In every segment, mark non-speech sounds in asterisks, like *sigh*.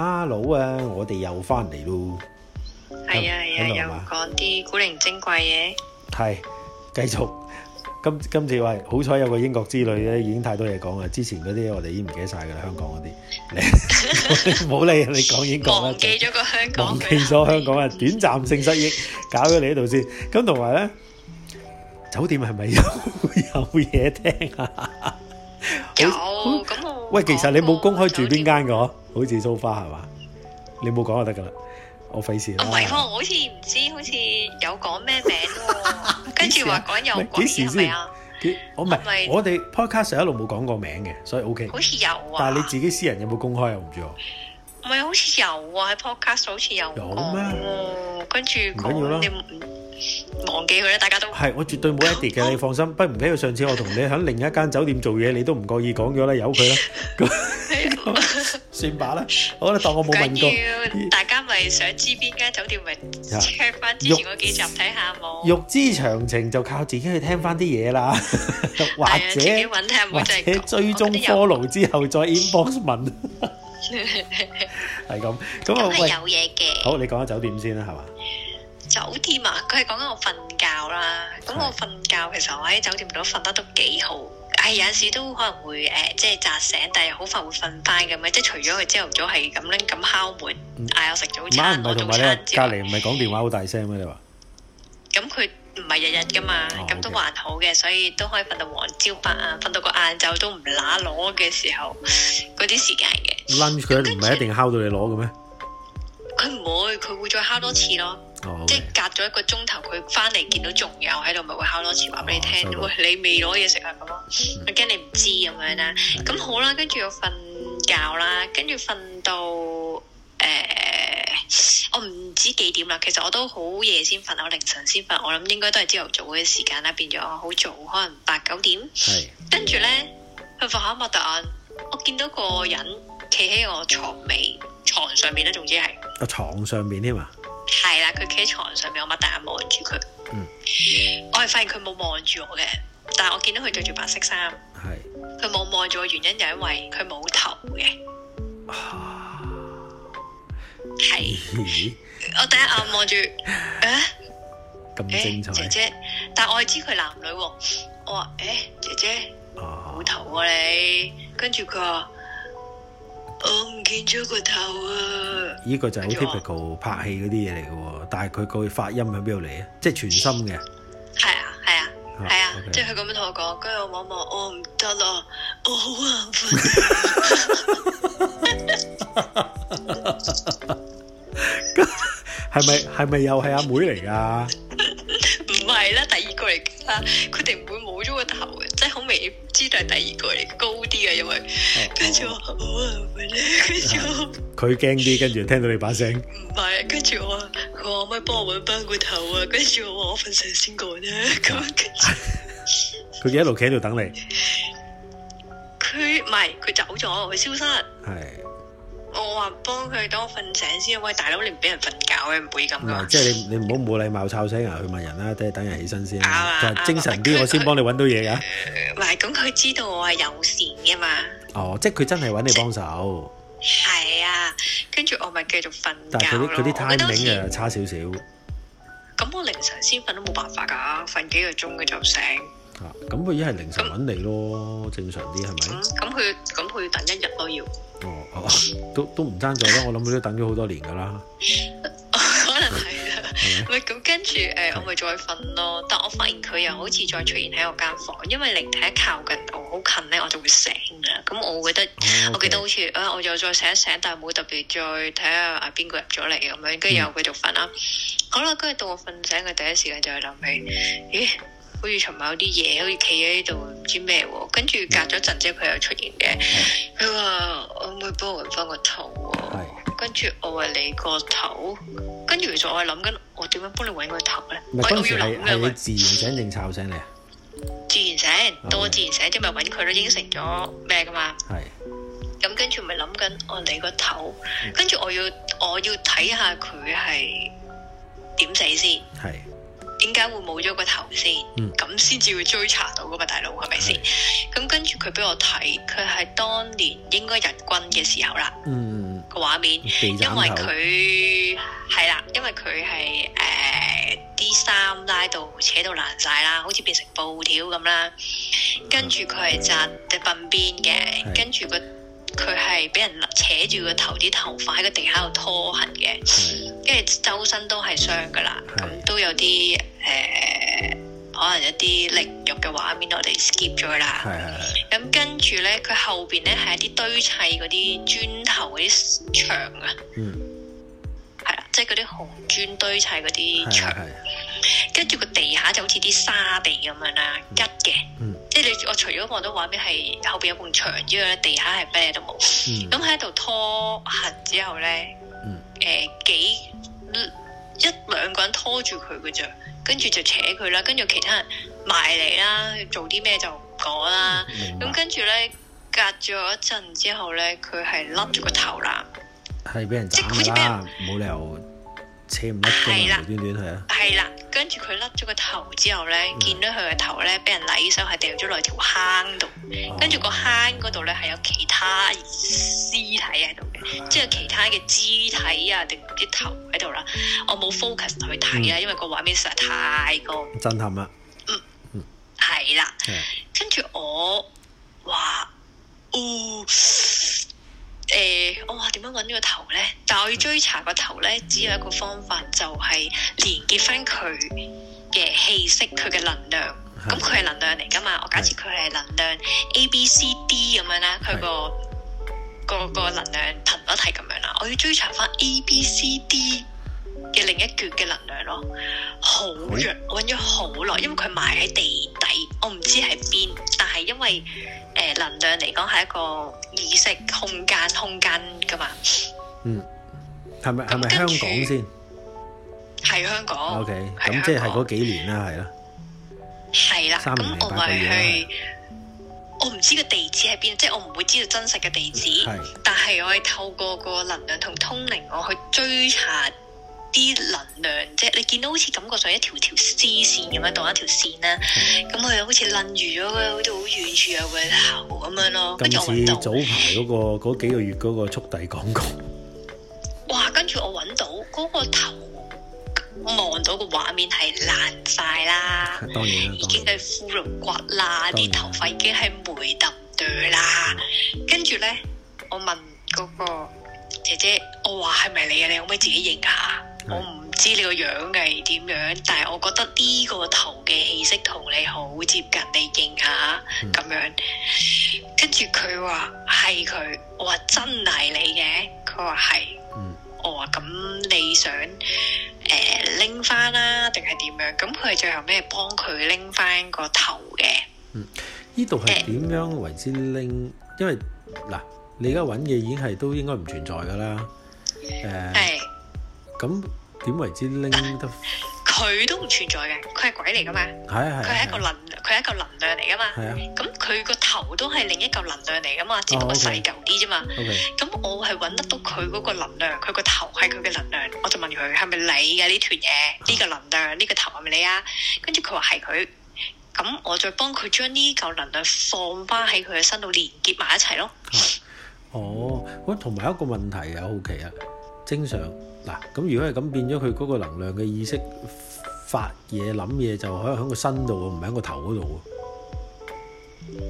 哈嘍啊，我哋又翻嚟咯，係啊係啊，又講啲古靈精怪嘢，係繼續今今次喂，好彩有個英國之旅咧，已經太多嘢講啦。之前嗰啲我哋已經唔記得晒噶啦，香港嗰啲，冇理你講英國啦，記咗個香港，忘記咗香港啊，短暫性失憶，搞咗你喺度先。咁同埋咧，酒店係咪有有嘢聽啊？有咁。喂，其實你冇公開住邊間㗎好似蘇花係嘛？你冇講就得㗎啦，我費事。唔係喎，我好似唔知，好似有講咩名、啊 *laughs* 啊、跟住話講有幾時先？我唔係，我哋 podcast 一路冇講過名嘅，所以 OK。好似有啊。但係你自己私人有冇公開啊？我唔知喎。唔係好似有啊，喺 podcast 好似有，跟住唔緊要啦，忘記佢啦，大家都係我絕對冇 edit 嘅，你放心。不唔緊要，上次我同你喺另一間酒店做嘢，你都唔覺意講咗啦，由佢啦，算罷啦，我咧當我冇問過。大家咪想知邊間酒店咪 check 翻之前嗰幾集睇下冇。欲知詳情就靠自己去聽翻啲嘢啦，或者或者追蹤 follow 之後再 inbox 問。係咁，咁係有嘢嘅。好，你講下酒店先啦，係嘛？酒店啊，佢係講緊我瞓覺啦。咁我瞓覺其實我喺酒店度瞓得都幾好。唉，有陣時都可能會誒，即係扎醒，但係好快會瞓翻嘅。咁即係除咗佢朝頭早係咁樣咁敲門嗌我食早餐，同埋咧隔籬唔係講電話好大聲咩？你話？咁佢。唔係日日噶嘛，咁、oh, okay. 都還好嘅，所以都可以瞓到黃朝白啊，瞓到個晏晝都唔乸攞嘅時候，嗰啲時間嘅。佢唔係一定敲到你攞嘅咩？佢唔會，佢會再敲多次咯。Oh, okay. 即係隔咗一個鐘頭，佢翻嚟見到仲有喺度，咪會敲多次話俾你聽。Oh, so 喂，你未攞嘢食啊？咁咯，mm. 我驚你唔知咁樣啦。咁、mm. 好啦，跟住我瞓覺啦，跟住瞓到誒。呃我唔知幾點啦，其實我都好夜先瞓，我凌晨先瞓，我諗應該都係朝頭早嘅時間啦，變咗好早，可能八九點。係是。跟住咧，佢、嗯、放下擘大眼，我見到個人企喺我床尾、床上面咧，總之係個床上面添嘛？係啦，佢企喺床上面，我擘大眼望住佢。嗯。我係發現佢冇望住我嘅，但係我見到佢着住白色衫。係是。佢冇望住嘅原因就因為佢冇頭嘅。係，我第一眼望住啊，咁、哎、精彩、哎，姐姐，但係我係知佢男女、啊，我話誒、哎，姐姐，冇、哦、頭啊你，跟住佢話，我唔見咗個頭啊，呢個就係好 typical 拍戲嗰啲嘢嚟嘅，但係佢個發音喺邊度嚟咧？即係全心嘅，係啊，係啊。係啊，啊 Okay. 即係佢咁樣同我講，跟住我望望，我唔得咯，我好眼瞓 *laughs* *laughs* *laughs* 係咪係咪又係阿妹嚟㗎？唔係啦，第二個嚟啦，佢哋唔會冇咗個頭嘅，即係好明顯知道係第二個嚟，高啲嘅，因為跟住我話好啊，跟住佢驚啲，跟住聽到你把聲，唔係，跟住我話，佢可唔可以幫我搵翻個頭啊，跟住我話我瞓醒先講咧，咁跟住佢一路企喺度等你，佢唔係，佢走咗，佢消失。我話幫佢等我瞓醒先，喂大佬你唔俾人瞓覺嘅，唔會咁、嗯、即係你你唔好冇禮貌吵醒人去問人啦，等等人起身先，啊、精神啲、啊、我先幫你揾到嘢噶、啊。唔係、啊，咁佢知道我係友善嘅嘛？哦，即係佢真係揾你幫手。係啊，跟住我咪繼續瞓覺，但佢啲 timing 又差少少。咁我凌晨先瞓都冇辦法噶，瞓幾個鐘佢就醒。啊，咁佢一係凌晨揾你咯，嗯、正常啲係咪？咁佢咁佢等一日都要。哦，啊、都都唔爭在啦。我諗佢都等咗好多年噶啦。可能係啦，唔係咁跟住誒，我咪再瞓咯。但我發現佢又好似再出現喺我間房間，因為靈體靠近我好近咧，我就會醒噶。咁我覺得、哦 okay、我記得好似啊、呃，我又再醒一醒，但係冇特別再睇下啊邊個入咗嚟咁樣，跟住又繼續瞓啦。好啦，跟住 *laughs* *laughs* 到我瞓醒嘅第一時間就係諗起，起，咦？好似尋晚有啲嘢，好似企喺呢度，唔知咩喎。跟住隔咗陣，即係佢又出現嘅。佢話：我唔會幫我揾翻個頭喎、啊。跟住是我話：你個頭。跟住其實我係諗緊，我點樣幫你揾個頭咧？咪要諗嘅係你自然醒定吵醒你啊？自然醒，到我自然醒，即咪揾佢咯？應承咗咩噶嘛？係是。咁跟住咪諗緊，我你個頭。跟住我要，我要睇下佢係點死先。係。點解會冇咗個頭先？咁先至會追查到噶嘛？大佬係咪先？咁是跟住佢俾我睇，佢係當年應該日軍嘅時候啦。嗯，個畫面因，因為佢係啦，因為佢係誒啲衫拉到扯到爛晒啦，好似變成布條咁啦。跟住佢係紮隻鬢邊嘅，嗯嗯、跟住個。佢係俾人扯住個頭啲頭髮喺個地下度拖行嘅，跟住周身都係傷噶啦，咁是、嗯、都有啲誒、呃，可能有啲力肉嘅畫面我哋 skip 咗啦。係係係。咁跟住咧，佢後邊咧係一啲堆砌嗰啲磚頭嗰啲牆啊。嗯。係啦，即係嗰啲紅磚堆砌嗰啲牆。跟住個地下就好似啲沙地咁樣啦，吉嘅。嗯即係你，我除咗望到畫面係後邊有埲牆之外咧，地下係咩都冇。咁喺度拖行之後咧，誒、嗯呃、幾一兩個人拖住佢嘅啫，跟住就扯佢啦，跟住其他人埋嚟啦，做啲咩就唔講啦。咁跟住咧，隔咗一陣之後咧，佢係笠住個頭啦，係俾人即係好似俾人冇理由。扯唔甩嘅，斷斷係啊！係啦的，跟住佢甩咗個頭之後咧，嗯、見到佢個頭咧，俾人禮手係掉咗落條坑度，哦、跟住個坑嗰度咧，係有其他屍體喺度嘅，哎、呀即係其他嘅肢體啊，定啲頭喺度啦。我冇 focus 去睇啦，嗯、因為個畫面實在太過震撼啦。嗯嗯，係啦，跟住我話，哦。誒、呃，我話點樣揾呢個頭呢？但係我要追查個頭呢，只有一個方法就係、是、連結翻佢嘅氣息，佢嘅能量。咁佢係能量嚟噶嘛？我假設佢係能量 A B C D 咁樣啦，佢的個個個能量頻率係咁樣啦。我要追查翻 A B C D。嘅另一橛嘅能量咯，好弱，揾咗好耐，因為佢埋喺地底，我唔知喺邊。但係因為誒，能量嚟講係一個意識空間、空間噶嘛。嗯，係咪係咪香港先？係香港。OK，咁即係嗰幾年啦，係咯。係啦。咁我咪去。我唔知個地址喺邊，即係我唔會知道真實嘅地址，但係我係透過個能量同通靈，我去追查。啲能量即係，你見到好似感覺上一條條絲線咁樣當一條線啦，咁佢，嗯、好似愣住咗，佢今次，好似好遠處有個頭咁樣咯。跟住我到早排嗰個嗰幾個月嗰個速遞廣告，哇！跟住我搵到嗰，那個頭，望到個畫面係爛晒啦，當然當然已經係骷髏骨啦，啲頭髮已經係霉特朵啦。嗯、跟住咧，我問嗰個姐姐，我話係咪你啊？你可唔可以自己認下？我唔知你個樣係點樣，但係我覺得呢個頭嘅氣息同你好接近，你認下咁樣。跟住佢話係佢，我話真係你嘅，佢話係。嗯,呃、嗯。我話咁你想誒拎翻啦，定係點樣？咁佢係最後咩幫佢拎翻個頭嘅？嗯，呢度係點樣為之拎？呃、因為嗱，你而家揾嘢已經係都應該唔存在噶啦。誒、呃。係的。咁。點為之拎得？佢 *laughs* 都唔存在嘅，佢係鬼嚟噶嘛？係啊係。佢係一個能，佢係、啊、一個能量嚟噶嘛？係啊。咁佢個頭都係另一嚿能量嚟噶嘛？只不過細舊啲啫嘛。咁、哦 okay 嗯、我係揾得到佢嗰個能量，佢個頭係佢嘅能量，我就問佢係咪你嘅呢團嘢，呢、啊、個能量，呢、這個頭係咪你啊？跟住佢話係佢。咁我再幫佢將呢嚿能量放翻喺佢嘅身度連結埋一齊咯、啊。哦，我同埋一個問題啊，好奇啊，正常。嗱，咁如果係咁，變咗佢嗰個能量嘅意識發嘢諗嘢，就可以喺個身度，唔係喺個頭嗰度喎。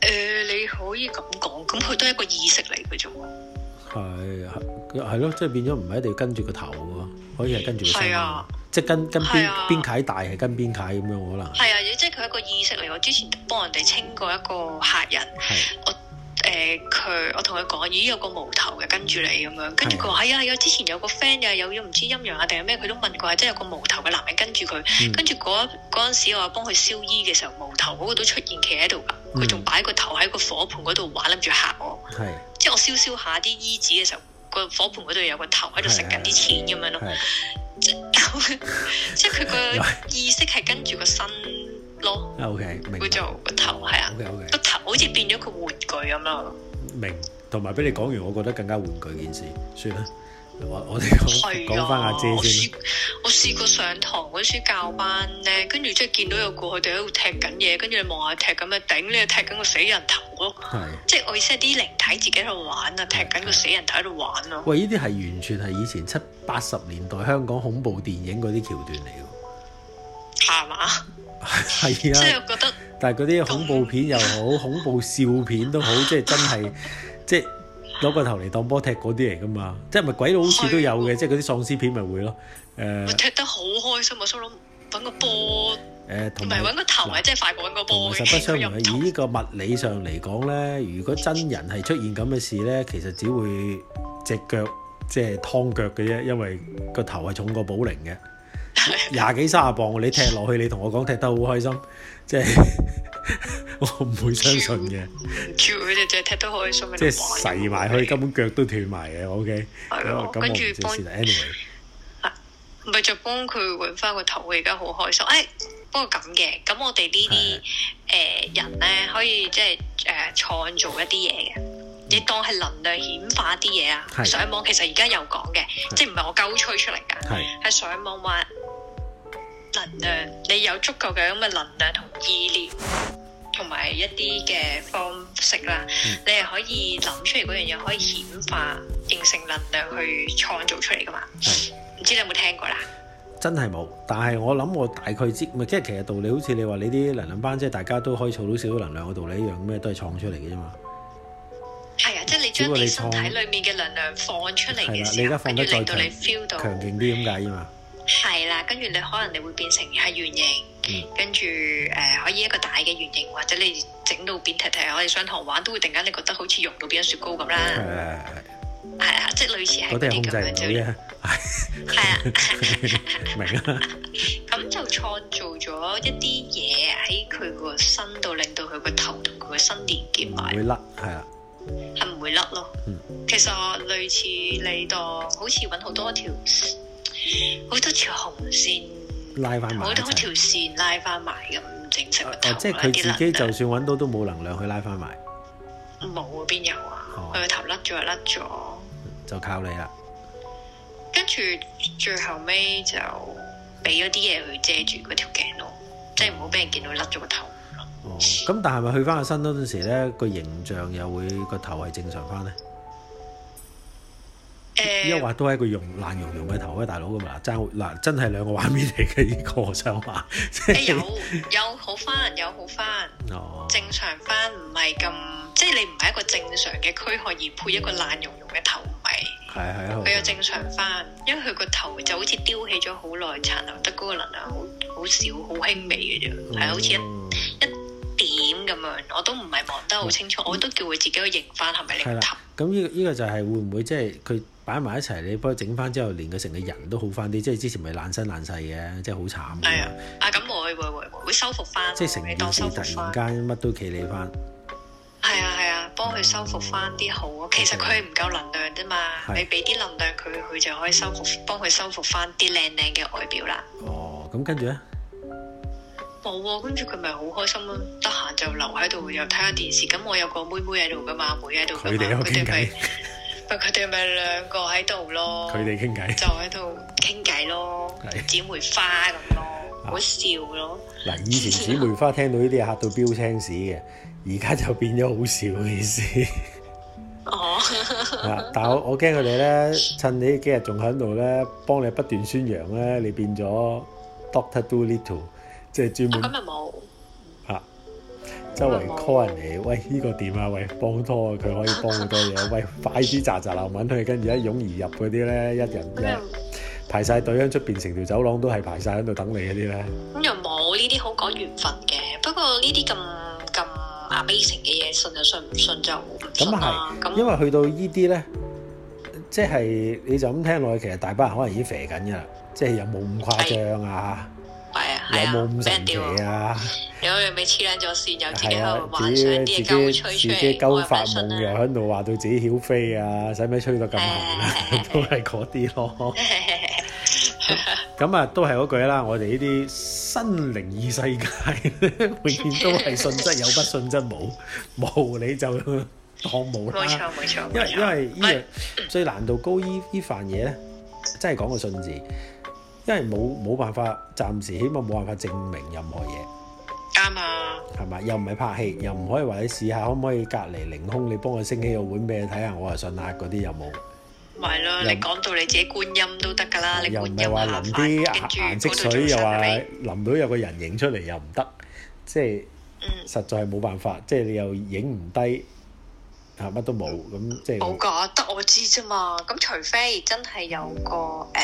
誒，你可以咁講，咁佢都係一個意識嚟嘅啫喎。係係咯，即係、就是、變咗唔係一定要跟住個頭喎，可以係跟住身喎。啊、即係跟跟邊、啊、邊軌大係跟邊軌咁樣可能。係啊，即係佢一個意識嚟。我之前幫人哋清過一個客人，是我。誒，佢、呃、我同佢講，咦，有個毛頭嘅跟住你咁樣，跟住佢話係啊，係之前有個 friend 又又唔知陰陽啊定係咩，佢都問過，即係有個毛頭嘅男人跟住佢，跟住嗰嗰陣時我話幫佢燒衣嘅時候，毛頭嗰個都出現企喺度噶，佢仲、嗯、擺個頭喺個火盆嗰度玩，諗住吓我，的即係我燒燒下啲衣紙嘅時候，個火盆嗰度有個頭喺度食緊啲錢咁樣咯，即係即係佢個意識係跟住個身的。嗯攞、哦、OK，明叫做個頭係、哦、啊，個，OK，OK，頭好似變咗個玩具咁咯。明，同埋俾你講完，我覺得更加玩具件事。算啦，我我哋講翻阿姐先我試。我試過上堂嗰啲教班咧，跟住即係見到有個佢哋喺度踢緊嘢，跟住你望下踢咁啊頂，你就踢緊個死人頭咯。係、啊，即係我意思係啲靈體自己喺度玩啊，踢緊個死人頭喺度玩啊。喂，呢啲係完全係以前七八十年代香港恐怖電影嗰啲橋段嚟噶，係嘛？係 *laughs* 啊，即係我覺得，但係嗰啲恐怖片又好， *laughs* 恐怖笑片都好，即係真係，即係攞個頭嚟當波踢嗰啲嚟噶嘛？即係咪鬼佬好似都有嘅？的即係嗰啲喪屍片咪會咯？誒、呃，我踢得好開心想想、呃、啊！想諗搵個波，誒，唔係搵個頭啊，即係快滾個波嘅。唔係，實不相瞞，以呢個物理上嚟講咧，如果真人係出現咁嘅事咧，其實只會隻腳即係湯腳嘅啫，因為個頭係重過保齡嘅。廿幾三十磅，你踢落去，你同我講踢得好開心，即係我唔會相信嘅。佢哋就踢得好開心，即係蝕埋去，根本腳都斷埋嘅。O K，係咯，跟住幫唔係就幫佢搵翻個頭。而家好開心。哎，不過咁嘅，咁我哋呢啲誒人咧，可以即係誒創造一啲嘢嘅，你當係能量顯化啲嘢啊。上網其實而家有講嘅，即係唔係我鳩吹出嚟噶，係上網話。誒，你有足夠嘅咁嘅能量同意念，同埋一啲嘅方式啦，嗯、你係可以諗出嚟，嗰樣嘢可以顯化形成能量去創造出嚟噶嘛？唔是知你有冇聽過啦？真係冇，但係我諗我大概知，即係其實道理好似你話你啲能量班，即係大家都可以儲到少少能量嘅道理，一樣咩都係創出嚟嘅啫嘛。係啊，即係你將啲身體裏面嘅能量放出嚟嘅時候，會令到你 feel 到強勁啲咁解啊嘛。的係啦，跟住你可能你會變成係圓形，跟住誒可以一個大嘅圓形，或者你整到扁睇睇，我哋上堂玩都會突然間你覺得好似溶到變咗雪糕咁啦，係啊，即係類似係啲咁樣，就係。係啊，明啦，咁就創造咗一啲嘢喺佢個身度，令到佢個頭同佢個身連結埋，會甩？係啊，係唔會甩咯，其實類似你當好似搵好多條好多條紅線，好多條線拉翻埋咁，正常頭嗰啲能量、哦、即係佢自己就算揾到都冇能量去拉翻埋，冇，邊有,有啊？佢、哦、個頭甩咗就甩咗，就靠你啦。跟住最後尾就俾咗啲嘢去遮住嗰條頸囉，哦、即係唔好俾人見到甩咗個頭。哦，咁嘖但係咪去翻個身嗰陣時咧個形象又會個頭係正常翻咧？一畫都係一個用爛茸茸嘅頭位大佬㗎嘛。爭嗱真係兩個畫面嚟嘅，呢個我想話，即、欸、有有好翻，有好翻哦，正常翻唔係咁，即係你唔係一個正常嘅軀殼而配一個爛茸茸嘅頭咪係係啊，佢有、嗯嗯嗯、正常翻，因為佢個頭就好似丟棄咗好耐殘留，得嗰個能量、哦、好好少好輕微嘅啫，係好似一一點咁樣，我都唔係望得好清楚，嗯、我都叫佢自己去認翻係咪另一頭。嗯咁呢個呢個就係會唔會即係佢擺埋一齊，你幫佢整翻之後，連佢成個人都好翻啲？即係之前咪爛身爛世嘅，即係好慘。係啊，啊咁會會會會會修復翻，即係成件事突然間乜都企理翻。係啊係啊，幫佢修復翻啲好，其實佢唔夠能量啫嘛。Okay. 你俾啲能量佢，佢就可以修復，幫佢修復翻啲靚靚嘅外表啦。哦，咁跟住咧。冇跟住佢，咪好開心咯。得閒就留喺度，又睇下電視。咁我有個妹妹喺度噶嘛，妹喺度佢噶嘛，佢哋咪，佢哋咪兩個喺度咯。佢哋傾偈，就喺度傾偈咯。姊是妹花咁咯，啊、好笑咯。嗱、啊，以前姊妹花聽到呢啲嚇到飆青屎嘅，而家就變咗好笑嘅意思。 *laughs* 哦， *laughs* *laughs* 但係我我驚佢哋咧，趁你呢幾日仲喺度咧，幫你不斷宣揚咧，你變咗 Doctor Do Little。即係專門，咁咪冇啊！周圍 call 人嚟，喂呢個點啊？喂，幫拖啊！佢可以幫好多嘢。喂，快啲扎扎牛文去，跟住一擁而入嗰啲咧，一人咧排晒隊喺出邊，成條走廊都係排晒喺度等你嗰啲咧。咁又冇呢啲好講緣分嘅，不過呢啲咁咁 amazing 嘅嘢，信就信，唔信就唔信啦。咁因為去到呢啲咧，即係你就咁聽落去，其實大班人可能已經肥緊噶啦，即係又冇咁誇張啊！有冇咁神奇啊？嗯、有咪黐撚咗線，又自己又幻想自，自己自己自己鳩發夢又喺度話到自己曉飛啊！使咪吹到咁紅啊？哎、都係嗰啲咯。咁啊、哎哎哎哎，都係嗰句啦。我哋呢啲新靈異世界， *laughs* 永遠都係信則有，不信則冇。冇你就當冇啦。冇錯冇錯。錯因為錯因為呢樣、哎、最難度高，呢呢份嘢咧，真係講個信字。即係冇冇辦法，暫時起碼冇辦法證明任何嘢。啱啊。係咪？又唔係拍戲，又唔可以話你試下可唔可以隔籬凌空，你幫我升起個碗俾你睇下我係咪想壓嗰啲有冇？咪咯。又你講到你自己觀音都得噶啦，啊、你觀音下又唔係話淋啲顏色水，又話淋到有個人影出嚟，又唔得，即係、嗯、實在係冇辦法，即係你又影唔低，吓乜都冇咁即係。冇噶，得我知啫嘛。咁除非真係有個誒。嗯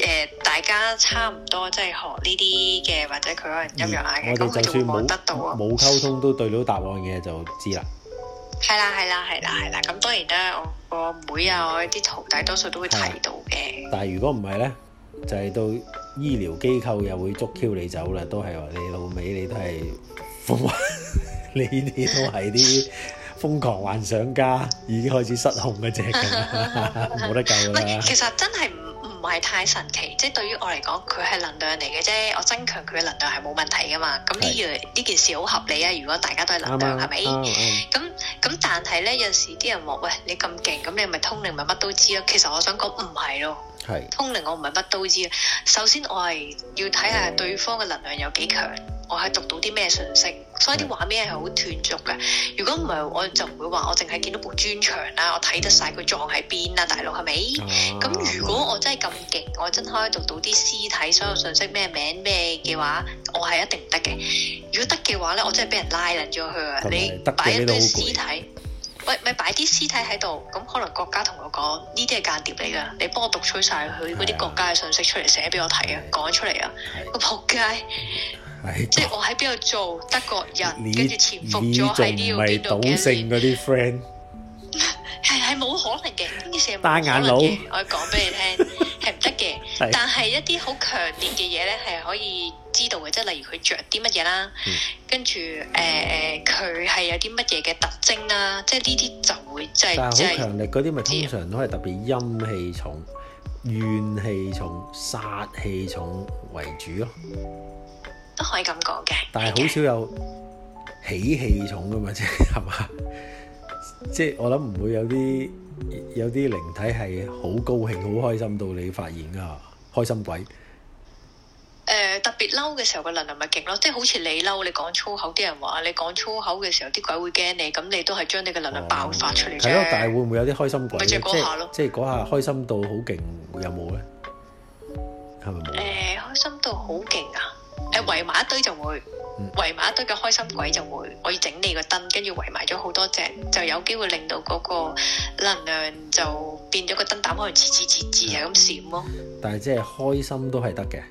誒，大家差唔多即係學呢啲嘅，或者佢可能陰陽眼嘅，我哋就算摸得到啊！冇溝通都對到答案嘅就知啦。係啦係啦係啦係啦，咁當然啦，我個妹啊，我啲徒弟多數都會睇到嘅。但係如果唔係咧，就係到醫療機構又會捉 Q 你走啦，都係話你老尾你都係瘋玩，你呢啲都係啲瘋狂幻想家，已經開始失控嗰隻啦，冇得救啦。唔係，其實真係唔。唔係太神奇，即係對於我嚟講，佢係能量嚟嘅啫。我增強佢嘅能量係冇問題噶嘛。咁呢樣呢件事好合理啊。如果大家都係能量，係咪吧？咁咁吧，但係咧有時啲人話：喂，你咁勁，咁你咪通靈咪乜都知咯。其實我想講唔係咯，是通靈我唔係乜都知啊。首先我係要睇下對方嘅能量有幾強。我係讀到啲咩信息，所以啲畫面係好斷續嘅。如果唔係，我就唔會話我淨係見到部磚牆啦，我睇得晒佢撞喺邊啦，大佬係咪？咁、啊、如果我真係咁勁，我真係可以讀到啲屍體所有信息咩名咩嘅話，我係一定唔得嘅。如果得嘅話咧，我真係俾人拉撚咗佢啊！是是你擺一堆屍體，喂，咪擺啲屍體喺度，咁可能國家同我講呢啲係間諜嚟噶，你幫我讀取晒佢嗰啲國家嘅信息出嚟寫俾我睇啊，講出嚟啊，個仆街！ *laughs* 即係我喺邊度做德國人，跟住潛伏咗喺呢度邊度嗰啲，friend 係，係冇可能嘅，扮眼佬。我講俾你聽係唔得嘅，但係一啲好強烈嘅嘢咧係可以知道嘅，即係例如佢着啲乜嘢啦，跟住誒誒佢係有啲乜嘢嘅特徵啦，即係呢啲就會即係好強烈嗰啲咪通常都係特別陰氣重、怨氣重、殺氣重為主咯。都可以咁講嘅，但係好少有喜氣重噶嘛，即係係嘛，即係我諗唔會有啲有啲靈體係好高興、好開心到你發現噶開心鬼。誒，特別嬲嘅時候個能量咪勁咯，即係好似你嬲，你講粗口，啲人話你講粗口嘅時候，啲鬼會驚你，咁你都係將你嘅能量爆發出嚟。係咯，但係會唔會有啲開心鬼？咪即係講下咯，即係講下開心到好勁，會有冇咧？係咪冇？誒，開心到好勁啊！誒，圍埋一堆就會，圍埋、嗯、一堆嘅開心鬼就會，我要整你個燈，跟住圍埋咗好多隻，就有機會令到嗰個能量就變咗個燈膽，可能吱吱吱吱係咁閃咯、嗯。但係即係開心都係得嘅，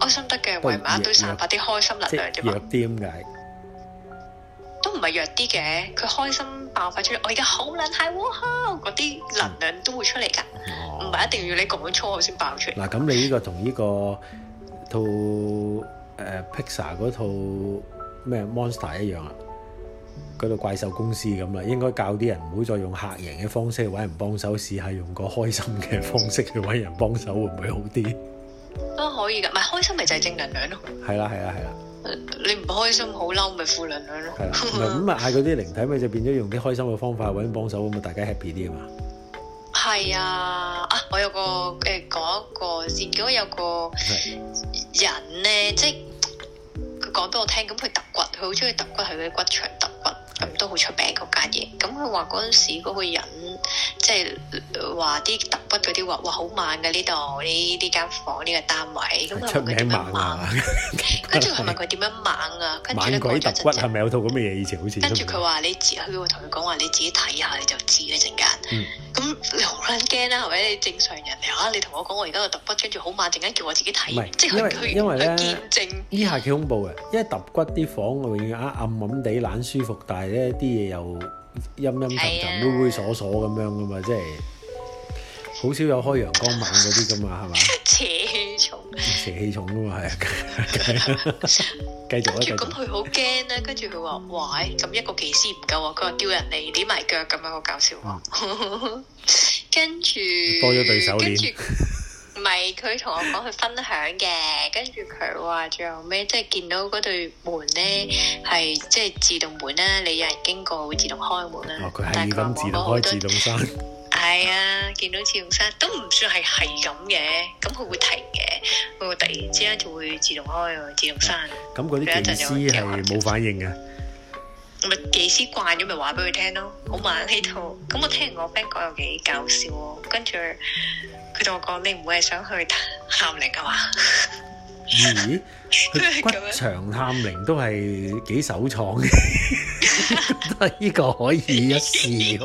開心得嘅，圍埋都 合一堆散發啲開心能量啫弱啲噉解，都唔係弱啲嘅，佢開心爆發出嚟，我而家好撚閪，哇嗰啲能量都會出嚟噶，唔係、嗯哦、一定要你講粗口先爆出嚟。嗱、啊，咁你呢個同呢、這個。套誒 Pixar 嗰套咩 monster 一樣啊，嗰套怪獸公司咁啊，應該教啲人唔好再用嚇人嘅方式揾人幫手，試下用個開心嘅方式去揾人幫手，會唔會好啲？都可以噶，唔係開心咪就係正能量咯。係啦、 *laughs* 啊，係啦、啊，係啦、啊。啊、 *laughs* 你唔開心好嬲咪負能量咯。係啦，咁啊嗌嗰啲靈體咪就變咗用啲開心嘅方法揾幫手，咁啊大家 happy 啲啊嘛。係啊，啊我有個誒、呃、講一個先，如果有個。人咧，即係佢講畀我聽，咁佢揼骨，佢好鍾意揼骨，係嗰啲骨場揼骨。咁都好出名嗰間嘢，咁佢話嗰陣時嗰個人，即係話啲揼骨嗰啲話，哇，好猛嘅呢度呢呢間房呢個單位，咁佢話佢猛？跟住係咪佢點樣猛啊？跟住揼骨係咪有套咁嘅嘢？以前好似跟住佢話你自己，我同佢講話你自己睇下你就知一陣間。咁你好撚驚啦，係咪？你正常人嚟嚇，你同我講我而家個揼骨，跟住好猛，陣間叫我自己睇，即係因為見證呢下幾恐怖嘅，因為揼骨啲房我永遠啊暗暗地懶舒服，但呢啲嘢又陰陰沉沉、猥猥瑣瑣咁樣噶嘛，即係好少有開陽光猛嗰啲噶嘛，係嘛 *laughs* 吧？邪氣 *laughs* 重，邪氣重噶嘛，係。繼續啊！咁佢好驚咧，跟住佢話：喂，咁一個技師唔夠啊，佢話叫人嚟攣埋腳咁樣，好搞笑啊！跟住，多咗對手鏈。跟唔係佢同我講佢分享嘅，跟住佢話最後咩，即係見到嗰對門咧係即係自動門啦，你有人經過會自動開門啦。哦，佢係咁自動開自動閂。係啊，見到自動閂都唔算係係咁嘅，咁佢會停嘅，佢會突然之間就會自動開喎，自動閂。咁嗰啲技師係冇反應嘅。咪技師慣咗咪話俾佢聽咯，好慢喺度。咁我聽我 friend 講又幾搞笑喎，跟住。佢同我講：你唔會係想去探探靈㗎嘛？咦？佢骨場探靈都係幾首創嘅，呢 *laughs* 個可以一試，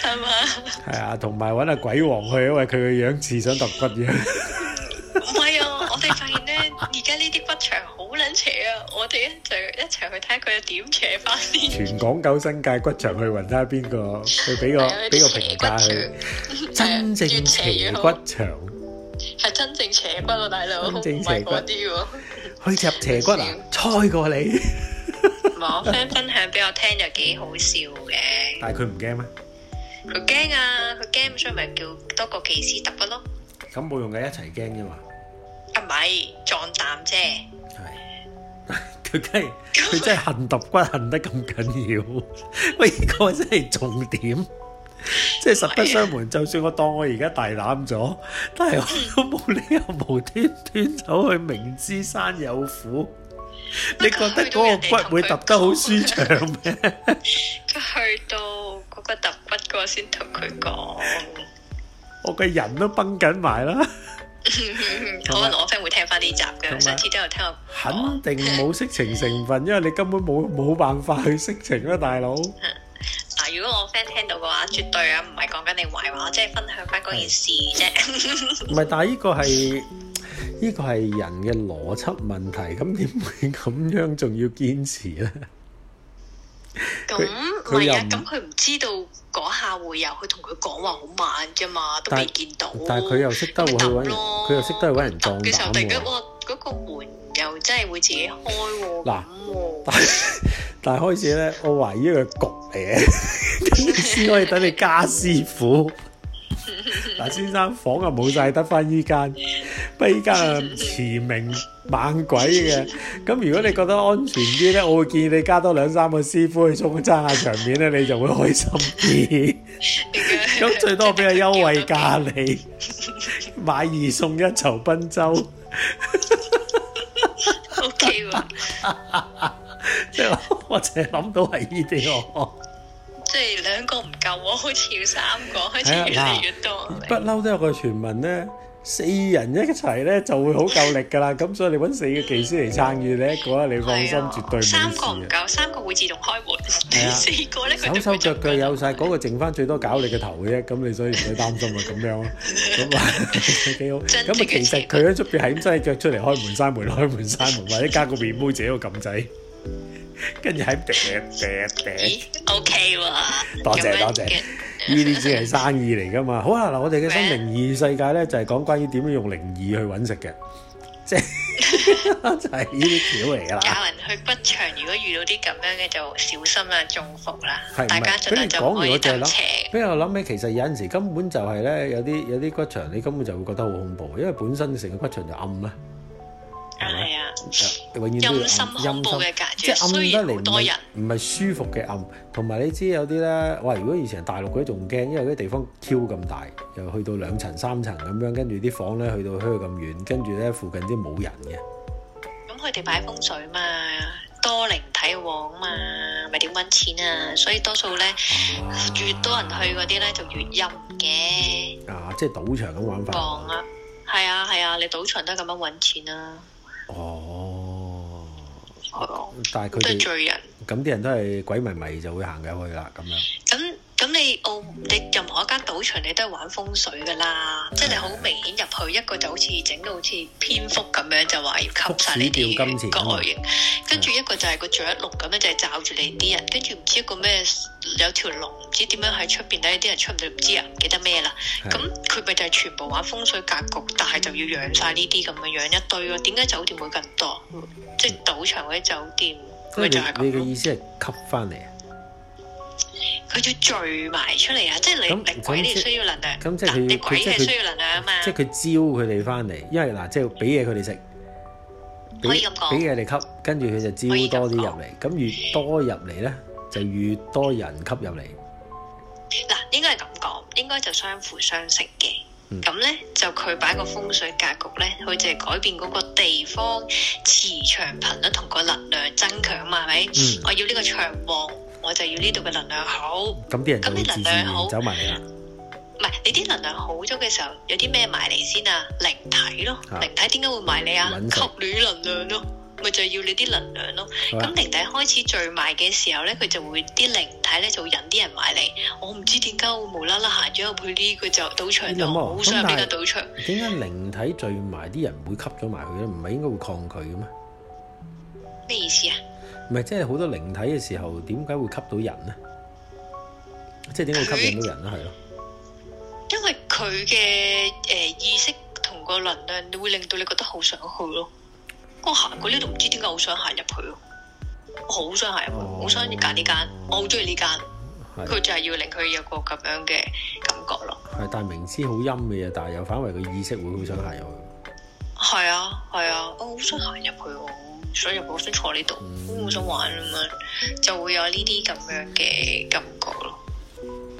係 *laughs* 嘛吧？係啊，同埋搵阿鬼王去，因為佢嘅樣似想揼骨樣。 *laughs* 去睇佢又點斜翻先？全港九新界骨場去揾睇下邊個去俾個俾個評價佢，真正斜骨場係真正斜骨咯，大佬真正斜骨啲喎，去拆斜骨啊，菜過你。唔係我 friend 分享俾我聽，又幾好笑嘅。但係佢唔驚咩？佢驚啊！佢驚，所以咪叫多個技師揼骨咯。咁冇用嘅，一齊驚啫嘛。唔係壯膽啫。係。佢真係恨揼骨恨得咁緊要，喂！呢個真係重點，即係實不相瞞。啊、就算我當我而家大膽咗，但係我都冇理由無端端走去明知山有虎，是你覺得嗰個骨會揼得好舒暢咩？去到嗰個揼骨嘅話，先同佢講。我個人都繃緊埋啦～ *laughs* 可能我 friend 會聽翻呢集嘅， *laughs* 上次都有聽過。肯定冇色情成分， *laughs* 因為你根本冇冇辦法去色情啦，啊，大佬。嗱， *laughs* 如果我 friend 聽到嘅話，絕對啊唔係講緊你壞話，即、就、係、是、分享翻嗰件事啫。唔係， *laughs* *laughs* 但係呢個係呢、這個係人嘅邏輯問題，咁點會咁樣仲要堅持咧？咁，佢又咁，佢唔但知道嗰下會有，佢同佢講話好慢啫嘛，都未見到。但係佢又識得會去搵，佢又識得去搵人裝其嘅時候突然間，哇完，嗰、啊那個門又真係會自己開喎、啊。嗱喇，啊、 *laughs* 但係開始咧，我懷疑佢局嚟嘅，先 *laughs* 可以等你加師傅。 *laughs* 嗱，先生房啊冇晒，得翻依間，間不過依間啊馳名猛鬼嘅。咁如果你覺得安全啲咧，我會建議你加多兩三個師傅去充爭下場面咧，你就會開心啲，咁 *laughs* 最多俾個優惠價你，買二送一籌賓州，酬賓周，O K 嘛，即係我淨係諗到係呢啲哦。即係兩個唔夠，我好似要三個，好似越嚟越多。不嬲都有個傳聞咧，四人一齊咧就會好夠力噶啦。咁所以你揾四個技師嚟參與咧，嗰個你放心，絕對唔會。三個唔夠，三個會自動開門。係啊，四個咧，手手腳腳有晒，嗰個剩翻最多搞你個頭嘅啫。咁你所以唔使擔心啊。咁樣，咁啊，幾好。咁啊，其實佢喺出邊係咁真係腳出嚟開門閂門開門閂門，或者加個麵包仔個撳仔。跟住喺喋喋喋，O K 喎，多謝多謝，依啲先係生意嚟噶嘛。好啊，嗱，我哋嘅新靈異世界咧就係講關於點樣用靈異去揾食嘅，即係依啲料嚟噶啦。教人去骨場，如果遇到啲咁樣嘅就小心啦，中伏啦。係唔係？俾你講完我再諗。俾我諗起，其實有陣時根本就係咧，有啲有啲骨場，你根本就會覺得好恐怖，因為本身成個骨場就暗啦。係啊，永遠都要陰陰嘅格，即係暗得嚟，多人唔係舒服嘅暗，同埋你知有啲咧，哇！如果以前大陸嗰啲仲驚，因為啲地方 Q 咁大，又去到兩層三層咁樣，跟住啲房咧去到去咁遠，跟住咧附近啲冇人嘅。咁佢哋擺風水嘛，多靈體旺嘛，咪點搵錢啊？所以多數咧越多人去嗰啲咧就越陰嘅。啊，即係賭場咁玩法。旺啊！係啊係啊，你賭場都係咁樣搵錢啊！哦，係啊，但係佢哋咁啲人都係鬼迷迷就會行入去啦，咁樣。哦，你任何一間賭場你都係玩風水噶啦，即係你好明顯入去一個就好似整到好似蝙蝠咁樣，就話要吸晒呢啲，你吊金錢。哦、跟住一個就係個雀籠咁樣就係、是、罩住你啲人，跟住唔知一個咩有條龍唔知點樣喺出邊咧啲人出唔到，唔知啊，唔記得咩啦。咁佢咪就係全部玩風水格局，但係就要養晒呢啲咁樣養一堆咯、啊。點解酒店會咁多？嗯、即係賭場或者酒店咪、嗯、就係咁咯。你嘅意思係吸翻嚟啊？佢就聚埋出嚟啊！即係你那鬼，你需要能量，咁即敵但鬼嘅他需要能量啊嘛。即係佢招佢哋翻嚟，因為嗱，即係俾嘢佢哋食，可以咁講，俾俾嘢佢吸，跟住佢就招多啲入嚟。咁越多入嚟咧，嗯、就越多人吸入嚟。嗱，應該係咁講，應該就相輔相成嘅。咁咧、嗯、就佢擺個風水格局咧，佢就係改變嗰個地方磁場頻率同個能量增強嘛，係咪？我要呢個長旺。嗯我就要呢度嘅能量好，咁啲人咁你能量好走埋嚟啦，唔係你啲能量好咗嘅時候，有啲咩埋嚟先啊？靈體咯，靈體點解會埋你啊？吸你能量咯，咪就要你啲能量咯。咁靈體開始聚埋嘅時候咧，佢就會啲靈體咧就引啲人埋嚟。我唔知點解會無啦啦行咗入去呢？佢就賭場度好想邊個賭場。點解靈體聚埋啲人會吸咗埋去咧？唔係應該會抗拒嘅咩？咩意思啊？唔係，即係好多靈體嘅時候，點解會吸到人咧？即係點會吸引到人咧？係咯，因為佢嘅誒意識同個能量，你會令到你覺得好想去咯。我行過呢度，唔知點解好想行入去咯。我好想行入去，好、哦、想揀呢間，哦、我好中意呢間。佢的就係要令佢有個咁樣嘅感覺咯。係，但係明知好陰嘅嘢，但係又反為佢意識會好想行入去。係啊、嗯，係啊，我好想行入去喎。所以我想坐呢度，我想玩咁樣，就會有呢啲咁樣嘅感覺咯。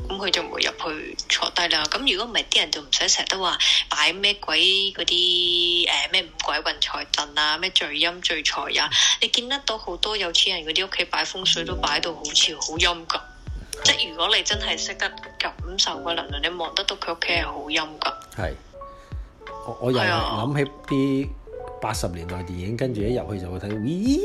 咁佢就唔會入去坐低啦。咁如果唔係，啲人就唔使成日都話擺咩鬼嗰啲誒咩五鬼運財陣啊，咩聚陰聚財啊。你見得到好多有錢人嗰啲屋企擺風水都擺到好似好陰噶。即係如果你真係識得感受個能量，你望得到佢屋企係好陰噶。係，我我又諗起啲。八十年代電影，跟住一入去就會睇到，咦！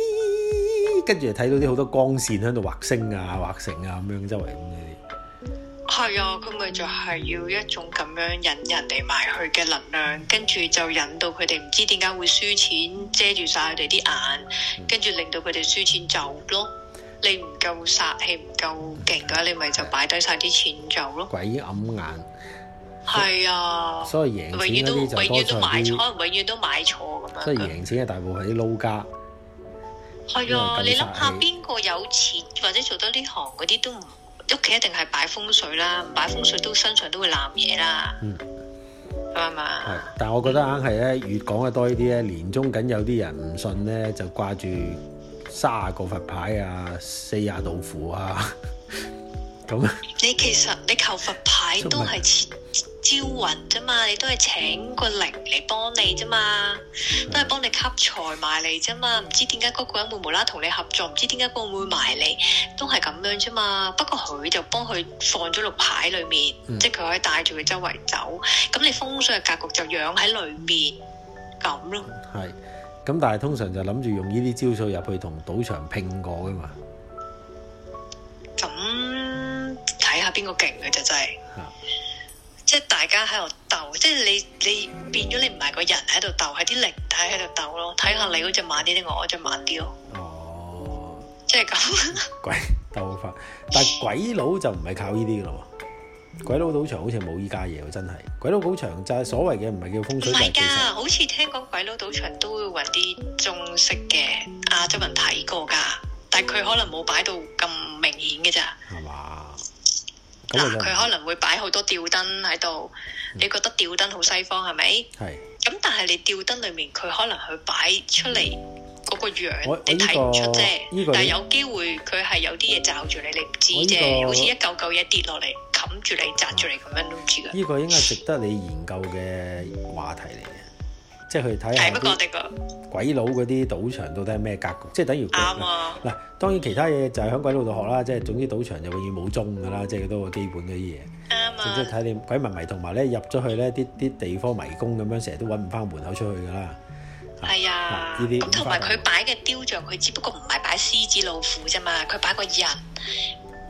跟住睇到啲好多光線喺度畫星啊、畫成啊咁樣周圍咁嗰啲。係啊，佢咪就係要一種咁樣引人哋埋去嘅能量，跟住就引到佢哋唔知點解會輸錢，遮住晒佢哋啲眼，跟住令到佢哋輸錢走咯。你唔夠殺氣，唔夠勁㗎，你咪就擺低晒啲錢走咯。鬼掩眼！係啊，所以贏錢呢啲就永遠都買錯，永遠都買錯咁樣。所以贏錢嘅大部分係啲撈家。係啊，你諗下邊個有錢或者做到呢行嗰啲都唔，屋企一定係擺風水啦，擺風水都身上都會攬嘢啦，係嘛、嗯？係吧，但係我覺得硬係咧，越講得多呢啲咧，年中緊有啲人唔信咧，就掛住三十個佛牌啊，四十道符啊，咁 *laughs* *laughs* 你其實你求佛牌都係錢。 *laughs* 招魂啫嘛，你都係請個靈嚟幫你啫嘛，都係幫你吸財埋嚟啫嘛，唔知點解嗰個人會無啦同你合作，唔知點解嗰個會埋嚟，都係咁樣啫嘛。不過佢就幫佢放咗落牌裏面，嗯、即係佢可以帶住佢周圍走，咁你風水格局就養喺裏面咁咯。係，咁但係通常就諗住用呢啲招數入去同賭場拼過噶嘛。咁睇下邊個勁嘅就真、係、係。嗯即係大家喺度鬥，即係你你變咗你唔係個人喺度鬥，係啲靈體喺度鬥咯。睇下你嗰隻慢啲啲，我隻慢啲咯。哦，即係咁。鬼鬥法，但係鬼佬就唔係靠呢啲噶咯。鬼佬賭場好似冇依家嘢喎，真係。鬼佬賭場就係所謂嘅唔係叫風水嘅。唔係噶，好似聽講鬼佬賭場都會揾啲中式嘅亞洲人睇過噶，但係佢可能冇擺到咁明顯嘅咋。係嘛？嗱，佢、啊、可能會擺好多吊燈喺度，嗯、你覺得吊燈好西方係咪？係。咁、嗯、但係你吊燈裡面佢可能佢擺出嚟嗰、嗯、個樣你，你睇唔出啫。這個、但係有機會佢係有啲嘢罩住你，你唔知啫。這個、好似一嚿嚿嘢跌落嚟，冚住你，揸住你咁樣都唔知㗎。呢個應該係值得你研究嘅話題嚟。即係去睇下啲的鬼佬嗰啲賭場到底係咩格局，即係等於啱啊嗱。當然其他嘢就係響鬼佬度學啦，即係總之賭場就永遠冇鐘㗎啦，即係都啲基本嗰啲嘢。啱、啊、即係睇你鬼迷迷，同埋咧入咗去咧，啲啲地方迷宮咁樣，成日都揾唔翻門口出去㗎啦。係啊，呢啲、啊。咁同埋佢擺嘅雕像，佢只不過唔係擺獅子老虎啫嘛，佢擺個人，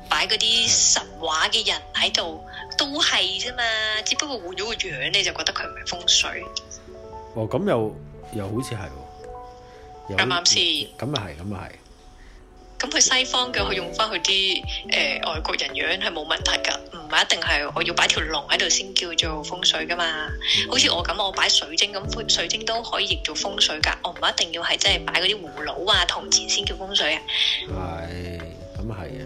擺嗰啲神話嘅人喺度都係啫嘛，只不過換咗個樣你就覺得佢唔係風水。哦，咁又又好似係，啱唔啱先？咁又係，咁又係。咁佢西方嘅，佢用翻佢啲誒外國人樣係冇問題噶，唔係一定係我要擺條龍喺度先叫做風水噶嘛。好似我咁，我擺水晶咁，水晶都可以亦做風水噶。我唔一定要係即係擺嗰啲葫蘆啊、銅錢先叫風水啊。係，咁又係嘅。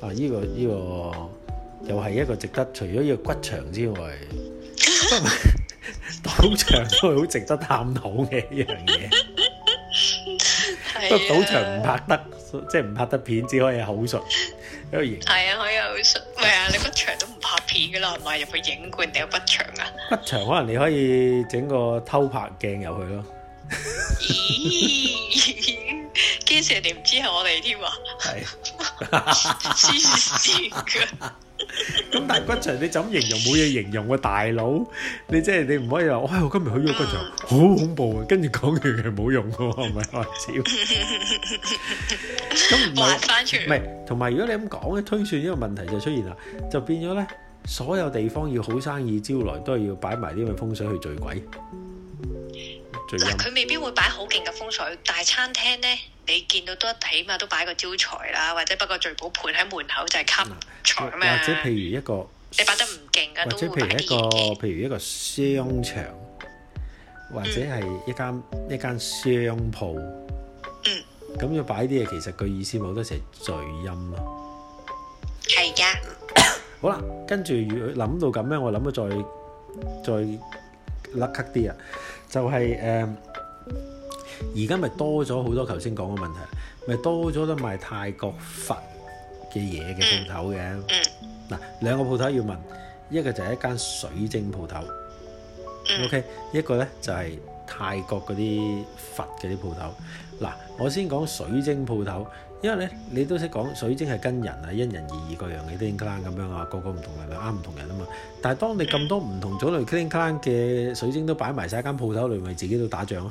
啊，呢個呢個又係一個值得除咗要骨場之外。賭場都係好值得探討嘅一樣嘢， *laughs* 啊、賭不過賭場唔拍得，即係唔拍得片，只可以口述。係 *laughs* 啊，可以口述，唔係啊，你賭場都唔拍片噶啦，唔係入去影館定有賭場啊？賭場可能你可以整個偷拍鏡入去咯。咦？ *laughs* *laughs* 驚死人哋唔知係我哋添是啊！係黐線。咁但係骨場，你怎形容冇嘢形容喎，大佬，你即係你唔可以話，我今日去咗骨場，好恐怖啊！跟住講完又冇用喎，唔係開玩笑。咁唔係，唔係，同埋如果你咁講咧，推算呢個問題就出現啦，就變咗咧，所有地方要好生意招來，都係要擺埋啲咁嘅風水去聚鬼。嗱，佢未必會擺好勁嘅風水，但係餐廳咧，你見到都起碼都擺個招財啦，或者不過聚寶盆喺門口就係吸財啊。或者譬如一個，你擺得唔勁嘅，即係譬如一個，譬、嗯、如一個商場，或者係一間一間商鋪，嗯，咁、嗯、要擺啲嘢，其實佢意思好多時係聚陰咯，係噶的。 *laughs* 好啦，跟住如果諗到咁咧，我諗到再再甩咳啲啊！就係、是、誒，而家咪多咗好多頭先講嘅問題，咪多咗都賣泰國佛嘅嘢嘅鋪頭嘅。嗱、嗯，兩個鋪頭要問，一個就係一間水晶鋪頭、嗯、OK，一個咧就係、是。泰國嗰啲佛嗰啲鋪頭，嗱，我先講水晶鋪頭，因為咧你都識講水晶係跟人啊，因人而異樣個樣嘅 clean clan 咁樣啊，個個唔同人啊，啱唔同人啊嘛。但係當你咁多唔同種類 clean clan 嘅水晶都擺埋晒一間鋪頭嚟，咪自己都打仗咯。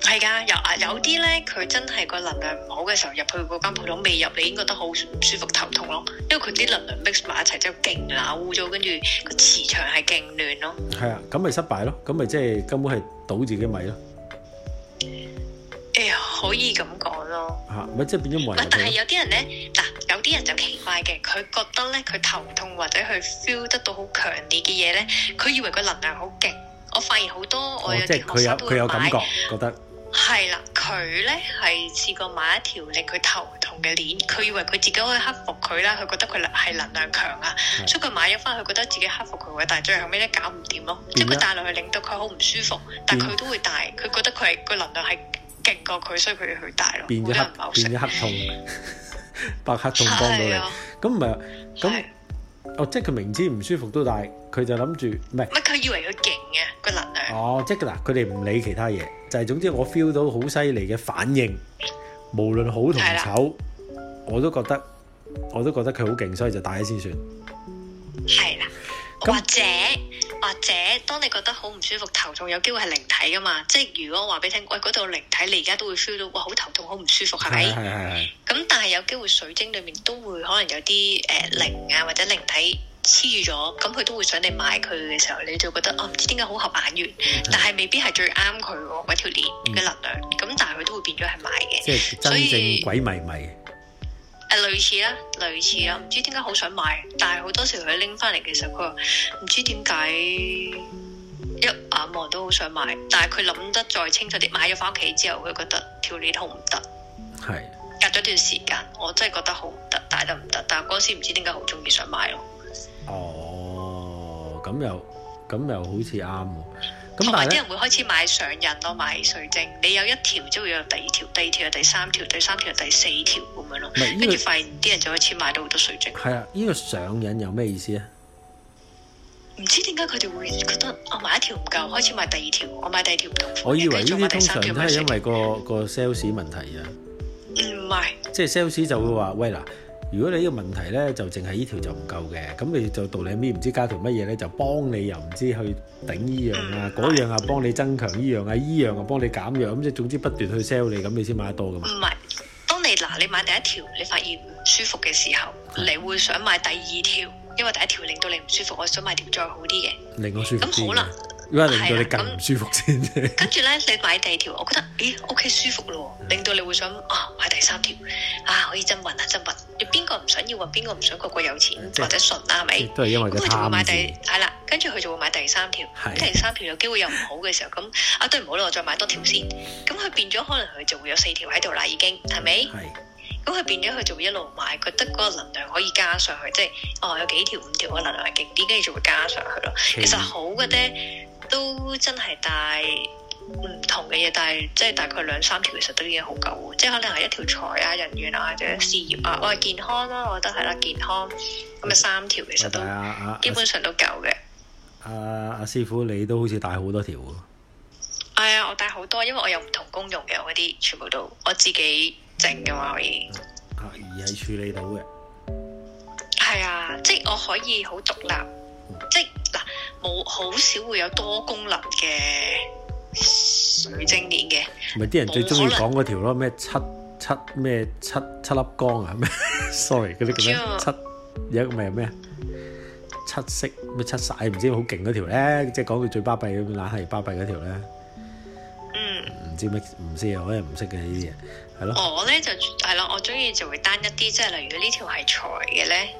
係噶，有啊有啲咧，佢真係個能量唔好嘅時候入去嗰間鋪頭，未入你已經覺得好唔舒服頭痛咯，因為佢啲能量 mix 埋一齊，即係勁扭咗，跟住個磁場係勁亂咯。係啊，咁咪失敗咯，咁咪即係根本係倒自己米咯。哎呀，可以咁講咯。吓、啊，咪即係變咗。但係有啲人咧，嗱、啊，有啲人就奇怪嘅，佢覺得咧，佢頭痛或者佢 feel 得到好強烈嘅嘢咧，佢以為個能量好勁。我發現好多我有啲學生都會買、哦、有有感覺，覺得係啦，佢咧係試過買一條令佢頭痛嘅鏈，佢以為佢自己可以克服佢啦，佢覺得佢係能量強啊，的所以佢買咗翻去，佢覺得自己克服佢，但係最後尾咧搞唔掂咯，了即係佢帶落去令到佢好唔舒服，變但佢都會帶，佢覺得佢係個能量係勁過佢，所以佢要去帶咯，變咗黑，黑痛， *laughs* 白黑痛幫到你，咁唔係咁。哦，即係佢明知唔舒服都戴，佢就諗住唔係乜，佢以為佢勁嘅個能量。哦，即係嗱，佢哋唔理其他嘢，就係總之我 feel 到好犀利嘅反應，無論好同醜，我都覺得我都覺得佢好勁，所以就戴咗先算。係啦，或者。或者，當你覺得好唔舒服、頭痛，有機會係靈體㗎嘛？即係如果我話俾你聽，喂嗰度、那個、靈體，你而家都會 feel 到，哇，好頭痛、好唔舒服，係咪？係係係。咁但係有機會水晶裡面都會可能有啲誒、呃、靈啊或者靈體黐住咗，咁佢都會想你買佢嘅時候，你就覺得啊唔、哦、知點解好合眼緣， *laughs* 但係未必係最啱佢嗰條鏈嘅能量，咁、嗯、但係佢都會變咗係買嘅。即係真正鬼迷迷。類似啦，類似啦，唔知點解好想買，但係好多時佢拎翻嚟嘅時候，佢話唔知點解一眼望都好想買，但係佢諗得再清楚啲，買咗翻屋企之後，佢覺得條鏈好唔得，係是隔咗段時間，我真係覺得好唔得，但戴得唔得，但係嗰時唔知點解好中意想買咯。哦，咁又咁又好似啱。同埋啲人會開始買上癮咯，買水晶。你有一條，即會有第二條，第二條又第三條，第三條又第四條咁樣咯。跟住、這個、發現啲人就開始買到好多水晶。係啊，呢、這個上癮有咩意思啊？唔知點解佢哋會覺得我買一條唔夠，開始買第二條，我買第二條唔同。我以為呢啲通常都係因為、那個個 sales 問題啊。唔係、嗯，即係 sales 就會話：嗯、喂嗱。如果你呢個問題呢，就淨係呢條就唔夠嘅，咁你就道理咩唔知加條乜嘢呢，就幫你又唔知去頂呢樣啊，嗰、嗯、樣啊幫你增強呢樣啊，呢、嗯、樣啊幫你減弱，咁即係總之不斷去 sell 你，咁你先買得多嘛。唔係、嗯，當你嗱你買第一條，你發現唔舒服嘅時候，你會想買第二條，因為第一條令到你唔舒服，我想買條再好啲嘅，令我舒服啲。咁好啦。如果令到你更唔舒服先，跟住咧你買第二條，我覺得，咦，OK 舒服咯，令到你會想，啊，買第三條，啊，可以增運啊，增運，邊個唔想要啊？邊個唔想個個有錢或者順啊？係咪？都係因為佢貪啲。跟住佢就會買第，係啦，跟住佢就會買第三條，第三條有機會又唔好嘅時候，咁啊都唔好啦，我再買多條先。咁佢變咗可能佢就會有四條喺度啦，已經係咪？係。咁佢變咗佢就會一路買，覺得嗰個能量可以加上去，即係哦，有幾條五條嘅能量係勁啲，跟住就會加上去咯。其實好嘅咧，都真係帶唔同嘅嘢，但係即係大概兩三條其實都已經好夠嘅，即係可能係一條財啊、人員啊或者事業啊，我、哦、係健康咯、啊，我覺得係啦，健康咁啊三條其實都、啊啊、基本上都夠嘅。阿阿、啊啊、師傅，你都好似帶好多條喎。係啊，哎、呀我帶好多，因為我有唔同功用嘅，我啲全部都我自己整嘅話可以。啊，而係處理到嘅。係啊，即係我可以好獨立，即、嗯好，好少會有多功能嘅水晶鏈嘅，唔係啲人最中意講嗰條咯咩七七咩七七,七粒光啊咩 *laughs* ？Sorry，嗰啲咁樣七，而家咪咩七色咩七晒唔知好勁嗰條咧，即係講佢最巴閉咁，硬係巴閉嗰條咧。嗯，唔知咩唔識啊，我能唔識嘅呢啲嘢係咯。我咧就係咯，我中意就會單一啲，即係例如條呢條係財嘅咧。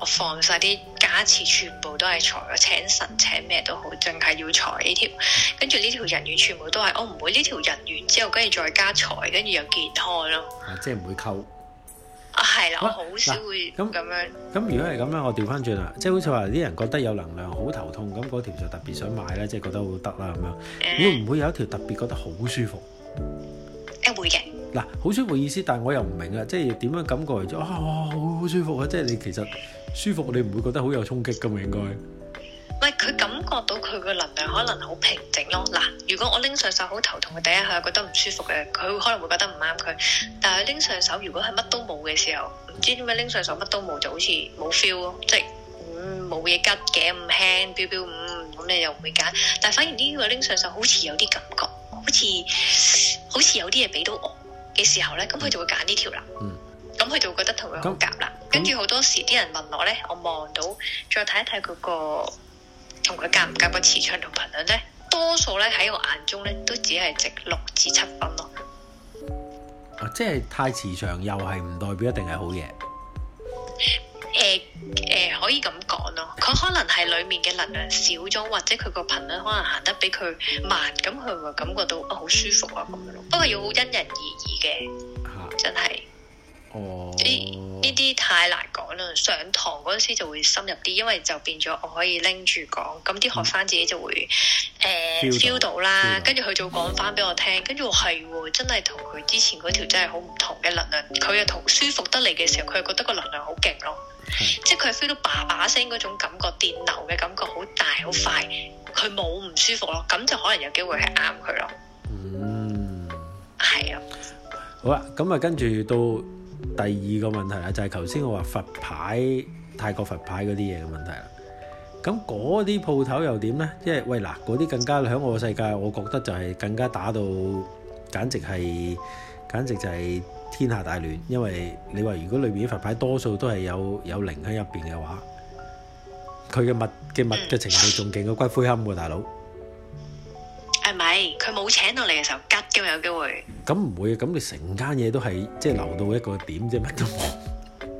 我放晒啲加持，全部都係財。我請神請咩都好，淨係要財呢條。跟住呢條人緣全部都係，我、哦、唔會呢條人緣之後跟住再加財，跟住又健康咯。啊，即係唔會溝。啊，係啦，啊、我好少會咁咁樣。咁、啊、如果係咁樣，我調翻轉啦，嗯、即係好似話啲人覺得有能量好頭痛，咁嗰條就特別想買啦，即係覺得好得啦咁樣。嗯、會唔會有一條特別覺得好舒服？誒、嗯，會嘅。嗱、哦哦，好舒服意思，但係我又唔明啊，即係點樣感覺嚟咗啊？好好舒服啊！即係你其實舒服，你唔會覺得好有衝擊㗎嘛？應該，唔佢、嗯、感覺到佢個能量可能好平靜咯。嗱，如果我拎上手好頭痛，嘅第一下又覺得唔舒服嘅，佢可能會覺得唔啱佢。但係拎上手，如果係乜都冇嘅時候，唔知點解拎上手乜都冇就好似冇 feel 咯，即係冇嘢拮嘅咁輕飆飆，嗯咁、嗯、你又唔會揀。但係反而呢位拎上手好似有啲感覺，好似好似有啲嘢俾到我。嘅時候咧，咁佢就會揀呢條啦。嗯。咁佢就會覺得同佢好夾啦。跟住好多時啲人問我咧，我望到再睇一睇佢個同佢夾唔夾個磁場同頻率咧，多數咧喺我眼中咧都只係值六至七分咯。啊，即係太磁場又係唔代表一定係好嘢。誒誒、呃呃、可以咁講。佢可能係裏面嘅能量少咗，或者佢個頻率可能行得比佢慢，咁佢會感覺到啊好舒服啊咁樣咯。不過要好因人而異嘅，真係哦。呢呢啲太難講啦。上堂嗰陣時就會深入啲，因為就變咗我可以拎住講，咁啲學生自己就會誒 feel 到啦。跟住佢就講翻俾我聽，跟住我係喎，真係同佢之前嗰條真係好唔同嘅能量。佢又同舒服得嚟嘅時候，佢又覺得個能量好勁咯。嗯、即係佢係 feel 到叭叭聲嗰種感覺，電流嘅感覺好大好快，佢冇唔舒服咯，咁就可能有機會係啱佢咯。嗯，係啊。好啦，咁啊，跟住到第二個問題啦，就係頭先我話佛牌泰國佛牌嗰啲嘢嘅問題那那啦。咁嗰啲鋪頭又點呢？即係喂嗱，嗰啲更加響我嘅世界，我覺得就係更加打到簡直係，簡直就係、是。天下大亂，因為你話如果裏面啲佛牌多數都係有有靈喺入面嘅話，佢嘅物嘅物嘅程度仲勁過骨灰龕喎，大佬。係咪？佢冇請到你嘅時候，吉嘅咪有機會。咁唔會嘅，咁佢成間嘢都係即係留到一個點啫，乜都冇。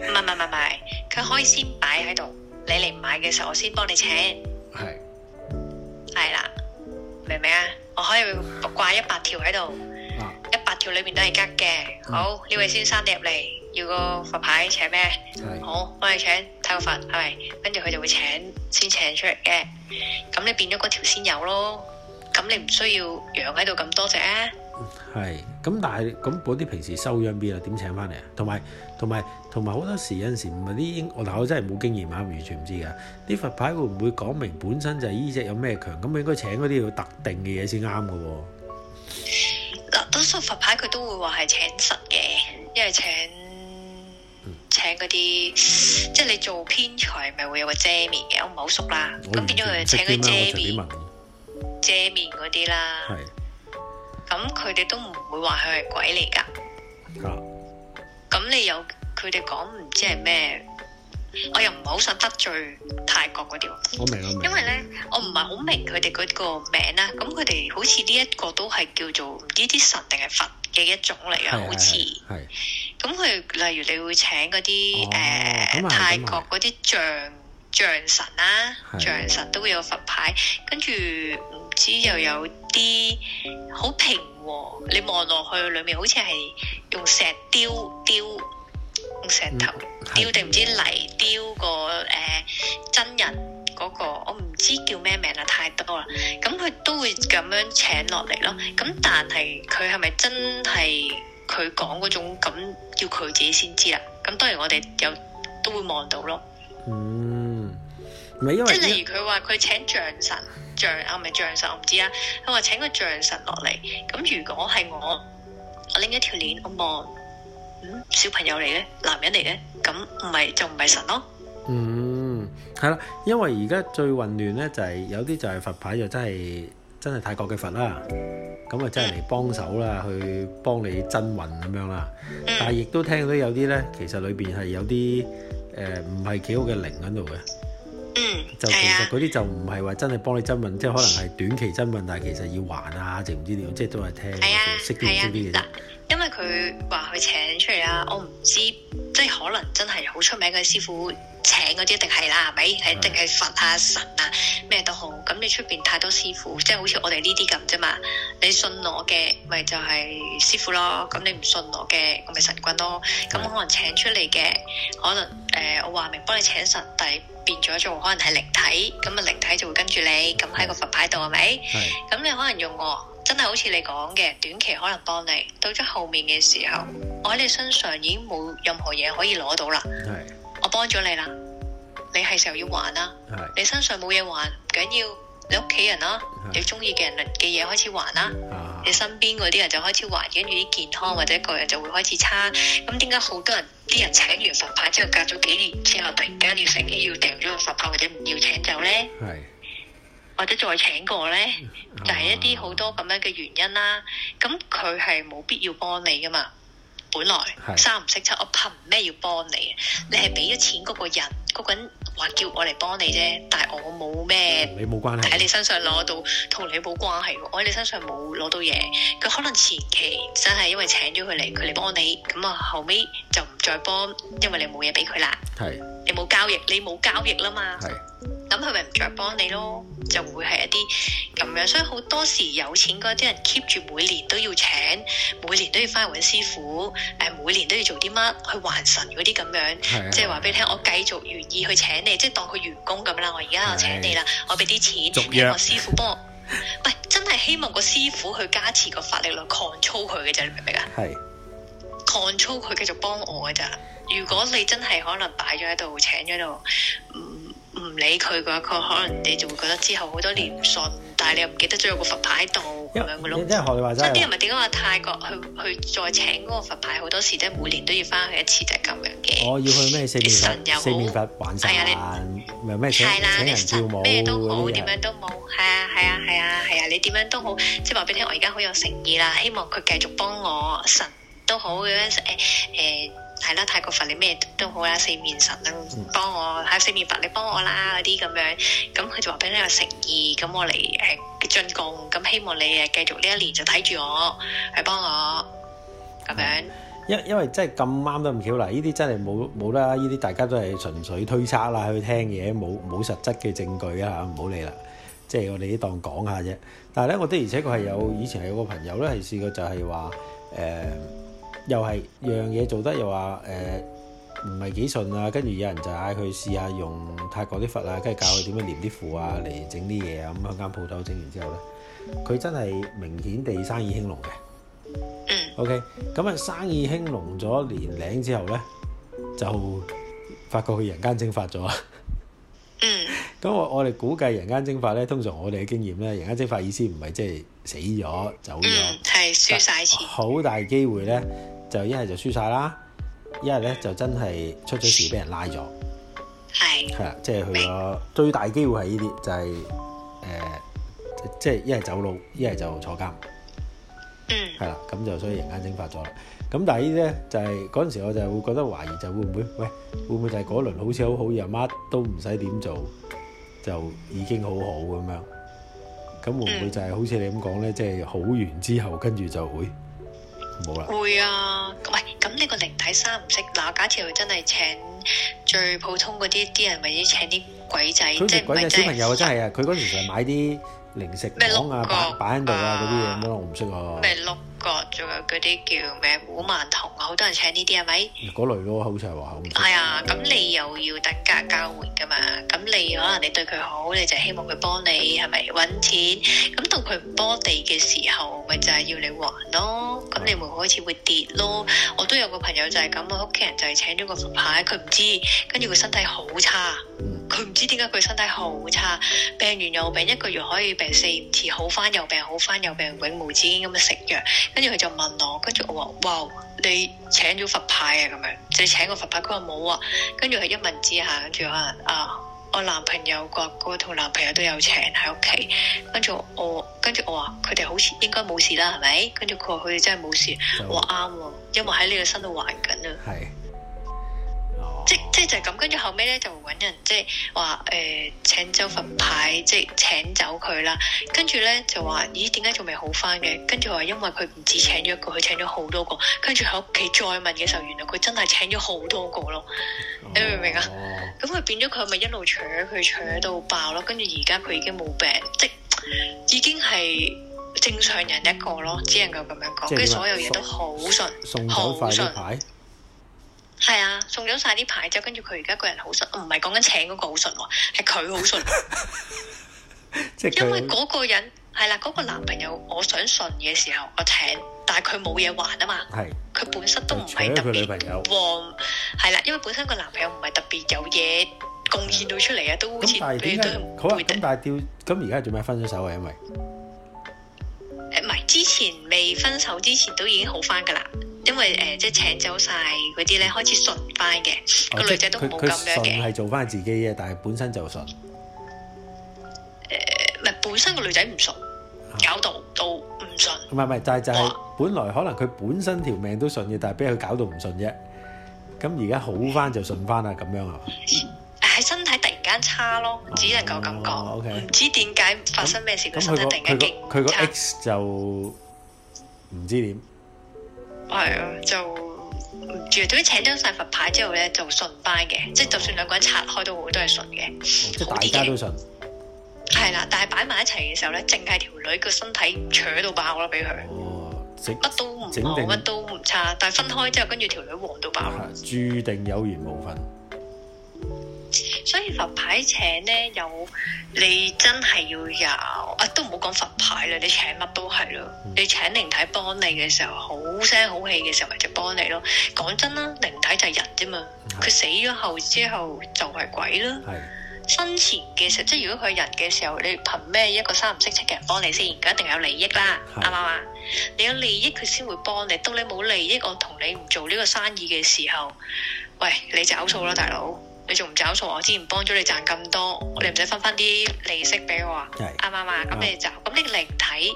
唔係唔係唔係，佢可以先擺喺度，你嚟買嘅時候我先幫你請。係。係啦，明唔明啊？我可以掛一百條喺度。條裏面都係吉嘅。好，呢位先生入嚟，要個佛牌請咩？好，我哋請睇，個佛係咪？跟住佢就會請先請出嚟嘅，咁你變咗嗰條先有咯。咁你唔需要養喺度咁多隻啊？係，咁但係咁嗰啲平時收養邊啊？點請翻嚟啊？同埋同埋同埋好多時有陣時唔係啲英，嗱我真係冇經驗啊，完全唔知嘅。呢佛牌會唔會講明本身就係呢隻有咩強？咁應該請嗰啲要特定嘅嘢先啱㗎。多數佛牌佢都會話係請神嘅，因為請請嗰啲，嗯、即係你做偏財咪會有個遮面嘅，我唔係好熟、嗯、啦。咁變咗佢請個遮面遮面嗰啲啦。係，咁佢哋都唔會話佢係鬼嚟噶。咁你有佢哋講唔知係咩？嗯我又唔係好想得罪泰國嗰啲喎，我明。因為咧，我唔係好明佢哋嗰個名啦。咁佢哋好似呢一個都係叫做唔知啲神定係佛嘅一種嚟嘅，的好似像。係。咁佢例如你會請嗰啲誒泰國嗰啲象象神啦，像神，啊、的象神都會有佛牌，跟住唔知又有啲好平和。你望落去裏面好似係用石雕雕。石頭雕定唔知泥雕個誒、呃、真人嗰、那個，我唔知叫咩名啦，太多啦。咁佢都會咁樣請落嚟咯。咁但係佢係咪真係佢講嗰種咁，要佢自己先知啦。咁當然我哋又都會望到咯。嗯，即係例如佢話佢請象神象啊，唔係象神我唔知啊。佢話請個象神落嚟，咁如果係我，我拎一條鏈我望。小朋友嚟呢，男人嚟呢，咁唔係就唔係神咯。嗯，係啦，因為而家最混亂呢，就是，就係有啲就係佛牌，就真係真係泰國嘅佛啦，咁啊真係嚟幫手啦，去幫你增運，咁樣啦。但係亦都聽到有啲呢，其實裏邊係有啲誒唔係幾好嘅靈喺度嘅。嗯，就其實嗰啲就唔係話真係幫你增運，啊、即係可能係短期增運，但係其實要還啊，定唔知點，即係都係聽識啲唔識啲嘢。啊、因為佢話佢請出嚟啊，我唔知。即係可能真係好出名嘅師傅請嗰啲一定係啦，係咪？一定係的佛啊、神啊咩都好。咁你出邊太多師傅，即係好似我哋呢啲咁啫嘛。你信我嘅，咪就係、是、師傅咯。咁你唔信我嘅，我、就、咪、是、神棍咯。咁的可能請出嚟嘅，可能誒、呃、我話明幫你請神，但係變咗做可能係靈體。咁啊靈體就會跟住你，咁喺個佛牌度係咪？咁的你可能用我。真係好似你講嘅，短期可能幫你，到咗後面嘅時候，我喺你身上已經冇任何嘢可以攞到啦。是我幫咗你啦，你係時候要還啦。是你身上冇嘢還唔緊要，你屋企人啦、啊，是你中意嘅人嘅嘢開始還啦。啊、你身邊嗰啲人就開始還，跟住啲健康或者個人就會開始差。咁點解好多人啲人請完佛牌之後隔咗幾年之後，突然間要醒起要掉咗個佛牌或者唔要請走呢？或者再請過咧，就係、是、一啲好多咁樣嘅原因啦。咁佢係冇必要幫你噶嘛，本來三唔識七，我憑咩要幫你？你係俾咗錢嗰個人，嗰個人話叫我嚟幫你啫，但係我冇咩，喺你身上攞到同你冇關係嘅，我喺你身上冇攞到嘢。佢可能前期真係因為請咗佢嚟，佢嚟幫你，咁啊後尾就唔再幫，因為你冇嘢俾佢啦。係是你冇交易，你冇交易啦嘛。係。咁佢咪唔再幫你咯？就會係一啲咁樣，所以好多時有錢嗰啲人 keep 住每年都要請，每年都要翻去揾師傅，誒，每年都要做啲乜去還神嗰啲咁樣，是啊、即係話俾你聽，是啊、我繼續願意去請你，即係當佢員工咁啦。我而家我請你啦，是啊、我俾啲錢俾續約 我師傅幫我，唔係 *laughs* 真係希望個師傅去加持個法力來狂操佢嘅啫，你明唔明是啊？係狂操佢繼續幫我嘅咋。如果你真係可能擺咗喺度，請咗喺度，嗯唔理佢嘅話，佢可能你就會覺得之後好多年唔順，但係你又唔記得咗有個佛牌喺度咁樣嘅咯。即係啲人咪點解話泰國去去再請嗰個佛牌，好多時咧每年都要翻去一次就，就係咁樣嘅。我要去咩四面佛？四面佛、哎、你。係咩麼你請啦請人燒？咩都好，點樣都冇。係啊，係啊，係啊，係啊！啊啊啊 *music* 你點樣都好，即係話俾你聽，我而家好有誠意啦，希望佢繼續幫我。神都好嘅，誒誒。係啦，泰國佛你咩都好啦，四面神啦，幫我喺四面佛你幫我啦嗰啲咁樣，咁佢就話俾你有誠意，咁我嚟誒進貢，咁希望你誒繼續呢一年就睇住我，係幫我咁樣。因因為真係咁啱都唔曉啦，呢啲真係冇冇啦，呢啲大家都係純粹推測啦，去聽嘢冇冇實質嘅證據啊嚇，唔好理啦，即係我哋啲當講下啫。但係咧，我都而且佢係有以前係有個朋友咧係試過就係話誒。又係樣嘢做得又話誒唔係幾順啊，跟住有人就嗌佢試下用泰國啲佛啊，跟住教佢點樣念啲符啊嚟整啲嘢啊，咁樣間鋪頭整完之後咧，佢真係明顯地生意興隆嘅。嗯。O K，咁啊生意興隆咗年零之後咧，就發覺佢人間蒸發咗。 *laughs* 嗯。咁我我哋估計人間蒸發咧，通常我哋嘅經驗咧，人間蒸發意思唔係即係。死咗，走咗，輸晒、嗯。好大機會咧，就一係就輸晒啦，一係咧就真係出咗事俾人拉咗，係是，係啦，即係去咗。最大機會係呢啲，就係、是、誒、呃，即係一係走佬，一係就坐監，係啦、嗯，咁就所以人間蒸發咗啦。咁但係呢啲咧，就係嗰陣時我就會覺得懷疑，就會唔會，喂，會唔會就係嗰輪好似好好，又乜都唔使點做，就已經好好咁樣。咁會唔會就係、是嗯、好似你咁講咧？即、就、係、是、好完之後跟，跟住就會冇啦。會啊，唔係咁呢個靈體三唔識。嗱，假設佢真係請最普通嗰啲啲人，或者請啲鬼仔，即係鬼仔小朋友人真係啊！佢嗰時成日買啲零食糖啊、板凳啊嗰啲，咁我唔識啊！咪六。仲有嗰啲叫咩古曼童，好多人請呢啲係咪？嗰類咯，好似係話。係 *noise* 啊，咁、 *noise* 哎、你又要等價交換噶嘛，咁你可能、啊、你對佢好，你就希望佢幫你係咪揾錢？咁到佢唔幫地嘅時候，咪就係、是、要你還咯。咁你咪開始會跌咯。我都有個朋友就係咁，我屋企人就係請咗個佛牌，佢唔知，跟住佢身體好差。佢唔知點解佢身體好差，病完又病，一個月可以病四五次，好翻又病，好翻又病，永無止境咁樣食藥。跟住佢就問我，跟住我話：哇，你請咗佛牌啊？咁樣，即係請個佛牌。佢話冇啊。跟住佢一問之下，跟住可能啊，我男朋友個哥同男朋友都有請喺屋企。跟住我，跟住我話佢哋好似應該冇事啦，係咪？跟住佢話佢哋真係冇事。嗯、我啱喎、啊，因為喺你個身度還緊啊。係。即即就係咁，跟住後尾咧就揾人即係話誒請走佛牌，即係請走佢啦。跟住咧就話咦點解仲未好返嘅？跟住話因為佢唔止請咗一個，佢請咗好多個。跟住喺屋企再問嘅時候，原來佢真係請咗好多個咯。你明唔明啊？咁佢、哦、變咗佢咪一路扯佢扯到爆咯。跟住而家佢已經冇病，即已經係正常人一個咯，只能夠咁樣講。跟住是所有嘢都好順，好順。係啊，送咗晒啲牌之後，跟住佢而家個人好順，唔係講緊請嗰個好順，係佢好順。 *laughs* 因為嗰個人係啦，嗰、啊嗰個男朋友，我想順嘅時候，我請，但係佢冇嘢還啊嘛。係是，佢本身都唔係特別旺。係啦、哦啊，因為本身個男朋友唔係特別有嘢貢獻到出嚟啊，都好似都咁好啊，咁而家做咩分咗手啊？因為誒，唔係之前未分手之前都已經好翻噶啦。因為誒、呃就是哦，即係請走晒嗰啲咧，開始順翻嘅，個女仔都冇咁樣，佢佢順係做翻自己嘅，但係本身就順。誒、呃，係本身個女仔唔熟，搞到到唔順。唔係唔係，就就是、係本來可能佢本身條命都順嘅，但係俾佢搞到唔順啫。咁而家好翻就順翻啦，咁樣啊，喺身體突然間差咯，哦、只能夠咁講，唔 okay. 知點解發生咩事，佢都那突然間極差。佢個佢個 X 就唔知點。係啊，就唔知啊，總之請張晒佛牌之後咧，就順返嘅，哦、即係就算兩個人拆開都好，都係順嘅，即係、哦、大家都順。係啦，但係擺埋一齊嘅時候咧，淨係條女個身體扯到爆啦，俾佢乜都唔好，乜定都唔差，但係分開之後，跟住條女旺到爆，啊。注定有緣無份。所以佛牌請呢，有，你真係要有啊，都唔好講佛牌啦。你請乜都係咯，嗯、你請靈體幫你嘅時候，好聲好氣嘅時候咪就幫你咯。講真啦，靈體就係人啫嘛，佢是死咗後之後就係鬼啦。是生前嘅時候，即係如果佢係人嘅時候，你憑咩一個三唔識七嘅人幫你先？咁一定有利益啦，啱啱嘛？吧是你有利益佢先會幫你，當你冇利益，我同你唔做呢個生意嘅時候，喂，你走數啦，大佬。你仲唔找數？我之前幫咗你賺咁多，你唔使分翻啲利息俾我啊？啱嘛？咁你就咁呢個靈體，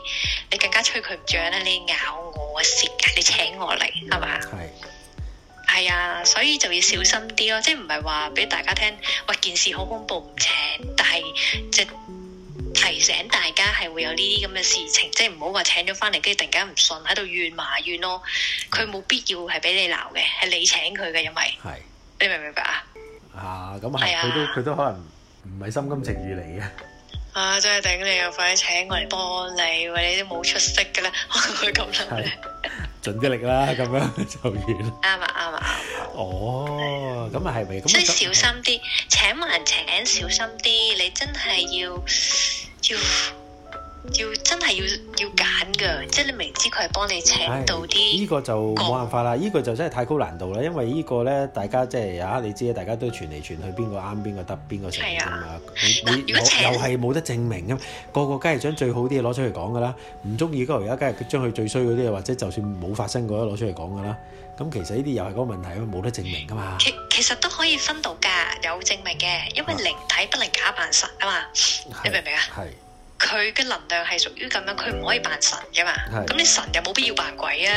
你更加催佢唔漲啦！你咬我蝕噶，你請我嚟係嘛？係係是啊，所以就要小心啲咯。即係唔係話俾大家聽，喂件事好恐怖唔請，但係即提醒大家係會有呢啲咁嘅事情，即係唔好話請咗翻嚟，跟住突然間唔信，喺度怨埋怨咯。佢冇必要係俾你鬧嘅，係你請佢嘅，因為係是你明唔明白啊？啊，咁啊，佢的都佢都可能唔係心甘情願嚟嘅。啊，真係頂你啊！快啲請我嚟幫你，你都冇出息㗎喇，可唔可以咁諗咧？盡啲力啦，咁樣就完。啱啊啱啊啱啊！嗯、哦，咁啊係咪？咁？所以小心啲，的請人請小心啲，你真係要要。要要真係要要揀噶即係你明知佢係幫你請到啲，呢個就冇辦法啦。呢個就真係太高難度啦，因為呢個咧，大家即係啊，你知啊，大家都傳嚟傳去，邊個啱，邊個得，邊個成啊？又係冇得證明噶個個梗係將最好啲嘢，攞出嚟講噶啦，唔中意嗰個，而家，梗係將佢最衰嗰啲嘢，或者就算冇發生過都攞出嚟講噶啦。咁其實呢啲又係個問題啊，冇得證明噶嘛。其其實都可以分到噶，有證明嘅，因為靈體不能假扮實啊嘛，你明唔明啊？佢嘅能量係屬於咁樣，佢唔可以扮神㗎嘛。咁你是神又冇必要扮鬼啊，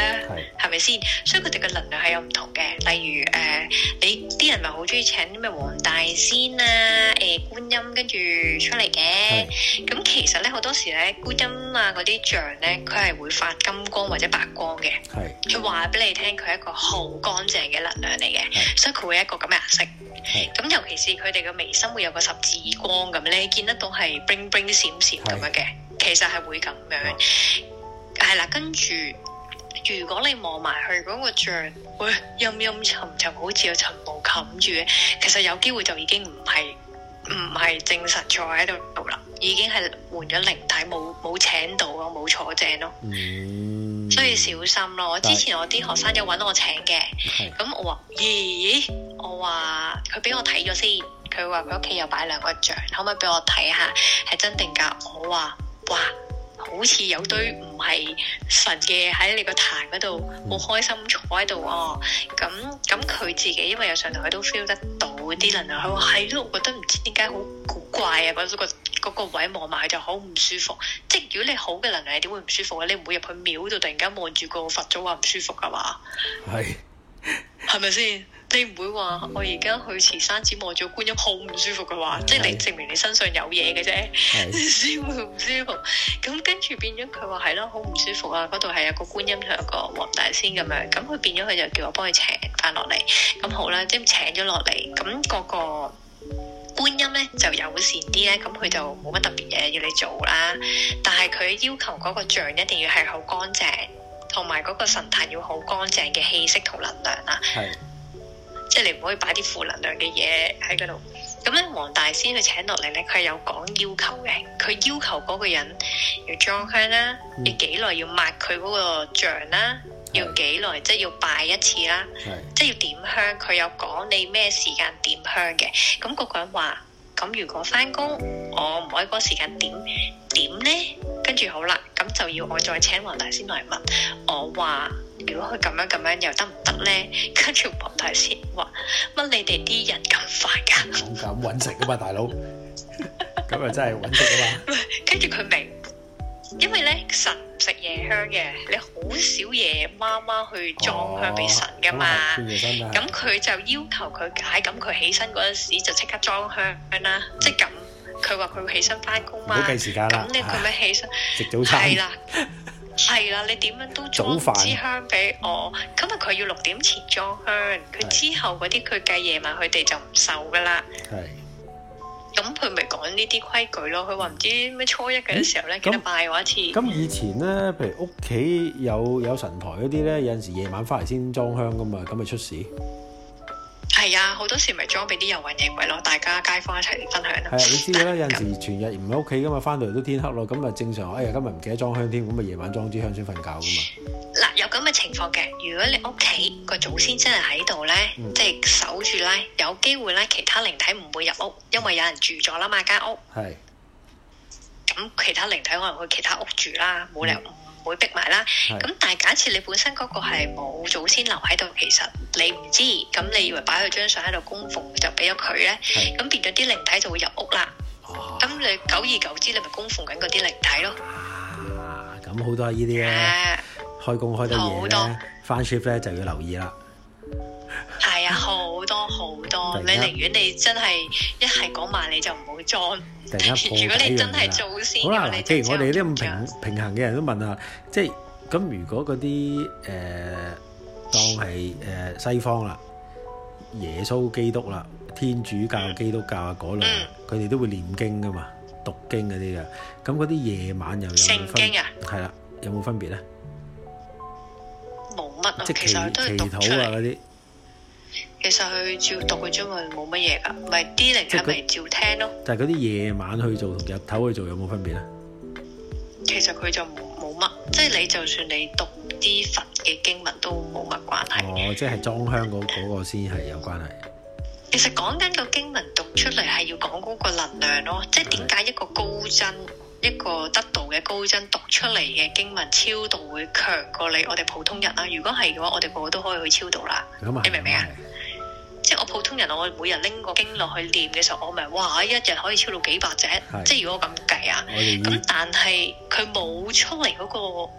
係咪先？所以佢哋嘅能量係有唔同嘅。例如誒、呃，你啲人咪好中意請啲咩黃大仙啊、誒、呃、觀音跟住出嚟嘅。咁是其實咧，好多時咧，觀音啊嗰啲像咧，佢係會發金光或者白光嘅。係是，佢話俾你聽，佢係一個好乾淨嘅能量嚟嘅，是所以佢會一個咁嘅顏色。咁、嗯、尤其是佢哋嘅眉心會有個十字光咁咧，見得到係 bling bling 閃閃咁樣嘅，是其實係會咁樣。係啦、嗯，跟住如果你望埋去嗰、嗰個像，會陰陰沉沉，好似有層霧冚住，其實有機會就已經唔係唔係真實坐在喺度做啦。已經係換咗靈體，冇冇請到咯，冇坐正咯，嗯、所以小心咯。我之前我啲學生有揾我請嘅，咁、嗯、我話，咦、嗯欸？我話佢俾我睇咗先，佢話佢屋企又擺兩個像，可唔可以俾我睇下，係真定假？我話，哇！好似有堆唔係神嘅喺你個壇嗰度，好開心坐喺度哦。咁咁佢自己，因為有上台，佢都 feel 得到啲能量。佢話係咯，我覺得唔知點解好古怪啊！嗰、嗰個嗰個位望埋佢就好唔舒服。即係如果你好嘅能量，點會唔舒服啊？你唔會入去廟度突然間望住個佛祖話唔舒服㗎嘛？係係咪先？ *laughs* 你唔會話我而家去慈山寺望咗觀音好唔舒服嘅話，是的 即係你證明你身上有嘢嘅啫，是的 舒服唔舒服？咁跟住變咗佢話係咯，好、嗯、唔舒服啊！嗰度係有個觀音同有一個黃大仙咁樣，咁佢變咗佢就叫我幫佢請翻落嚟，咁、嗯、好啦，即係請咗落嚟，咁、那、嗰個觀音咧就友善啲咧，咁佢就冇乜特別嘢要你做啦。但係佢要求嗰個像一定要係好乾淨，同埋嗰個神態要好乾淨嘅氣息同能量啦。即係你唔可以擺啲負能量嘅嘢喺嗰度。咁咧，黃大仙佢請落嚟咧，佢係有講要求嘅。佢要求嗰個人要裝香啦、啊，嗯、要幾耐要抹佢嗰個像啦，是要幾耐即係要拜一次啦、啊，是即係要點香，佢有講你咩時間點香嘅。咁嗰個人話，咁如果翻工，我唔可以嗰個時間點點咧。跟住好啦，咁就要我再請黃大仙嚟問。我話。如果佢咁樣咁樣又得唔得咧？跟住博大師話乜？你哋啲人咁快噶？講緊揾食噶嘛，大佬，咁啊真係揾食噶嘛。跟住佢明，因為咧神唔食夜香嘅，你好少夜媽媽去裝香俾神噶嘛。咁佢、哦嗯嗯、就要求佢， *laughs* 求解咁佢起身嗰陣時就即刻裝香啦。即係咁，佢話佢會起身翻工嘛。唔好計時間啦。咁你做咩、啊、起身，食早餐對了。係啦。係啦，你點樣都裝支香俾我？今日佢要六點前裝香，佢的之後嗰啲佢計夜晚佢哋就唔受噶啦。係的。咁佢咪講呢啲規矩咯？佢話唔知咩初一嘅時候咧，記得拜我一次。咁以前咧，譬如屋企有有神台嗰啲咧，有陣時夜晚翻嚟先裝香噶嘛，咁咪出事。係啊，好多時咪裝俾啲遊魂野鬼咯，大家街坊一齊分享咯。係啊，你知㗎啦，有陣時全日唔喺屋企噶嘛，翻到嚟都天黑咯，咁咪正常。哎呀，今日唔記得裝香添，咁咪夜晚裝支香先瞓覺㗎嘛。嗱，有咁嘅情況嘅，如果你屋企個祖先真係喺度咧，即係守住咧，有機會咧，其他靈體唔會入屋，因為有人住咗啦嘛間屋。係。咁其他靈體可能去其他屋住啦，冇理由。會逼埋啦，咁但係假設你本身嗰個係冇祖先留喺度，其實你唔知，咁你以為擺佢張相喺度供奉就俾咗佢咧，咁變咗啲靈體就會入屋啦。咁你久而久之，你咪供奉緊嗰啲靈體咯。啊，咁好多係呢啲咧，開工開得夜咧，翻 shift 咧就要留意啦。係啊，好多好多，你寧願你真係一係嗰晚你就唔好裝。如果你真係做先好啦，你就既然我哋啲咁平平衡嘅人都問下，即係咁，如果嗰啲誒當係誒西方啦，耶穌基督啦，天主教基督教啊嗰類，佢哋都會念經噶嘛，讀經嗰啲啊，咁嗰啲夜晚又有冇分，係啦，有冇分別咧？冇乜啊，其實我都要祈禱嗰啲。其實佢照讀佢中文冇乜嘢噶，唔係啲人係咪照聽咯？就係嗰啲夜晚去做同日頭去做有冇分別咧？其實佢就冇乜，即係你就算你讀啲佛嘅經文都冇乜關係。哦，即係裝香嗰嗰個先係有關係。其實講緊個經文讀出嚟係要講嗰個能量咯，即係點解一個高真一個得道嘅高真讀出嚟嘅經文超度會強過你我哋普通人啦？如果係嘅話，我哋個個都可以去超度啦。你明唔明啊？即係我普通人，我每日拎個經落去念嘅時候，我咪哇一日可以超到幾百隻。是即係如果我咁計啊，咁但係佢冇出嚟嗰個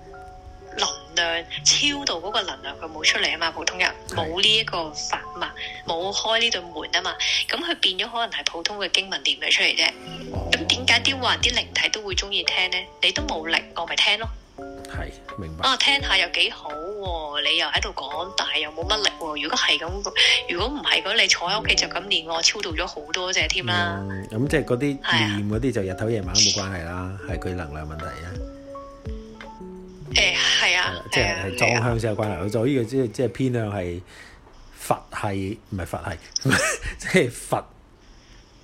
能量，超到嗰個能量佢冇出嚟啊嘛。普通人冇呢一個法嘛，冇開呢對門啊嘛，咁佢變咗可能係普通嘅經文念咗出嚟啫。咁點解啲話啲靈體都會中意聽咧？你都冇靈，我咪聽咯。係，明白。啊，聽下又幾好喎，你又喺度講，但係又冇乜力喎。如果係咁，如果唔係咁，你坐喺屋企就咁練，我超度咗好多隻添啦。咁即係嗰啲念嗰啲，就日頭夜晚都冇關係啦，係佢能量問題啊。誒，係啊，即係係裝香先有關係，做呢個即係即係偏向係佛係，唔係佛係，即係佛。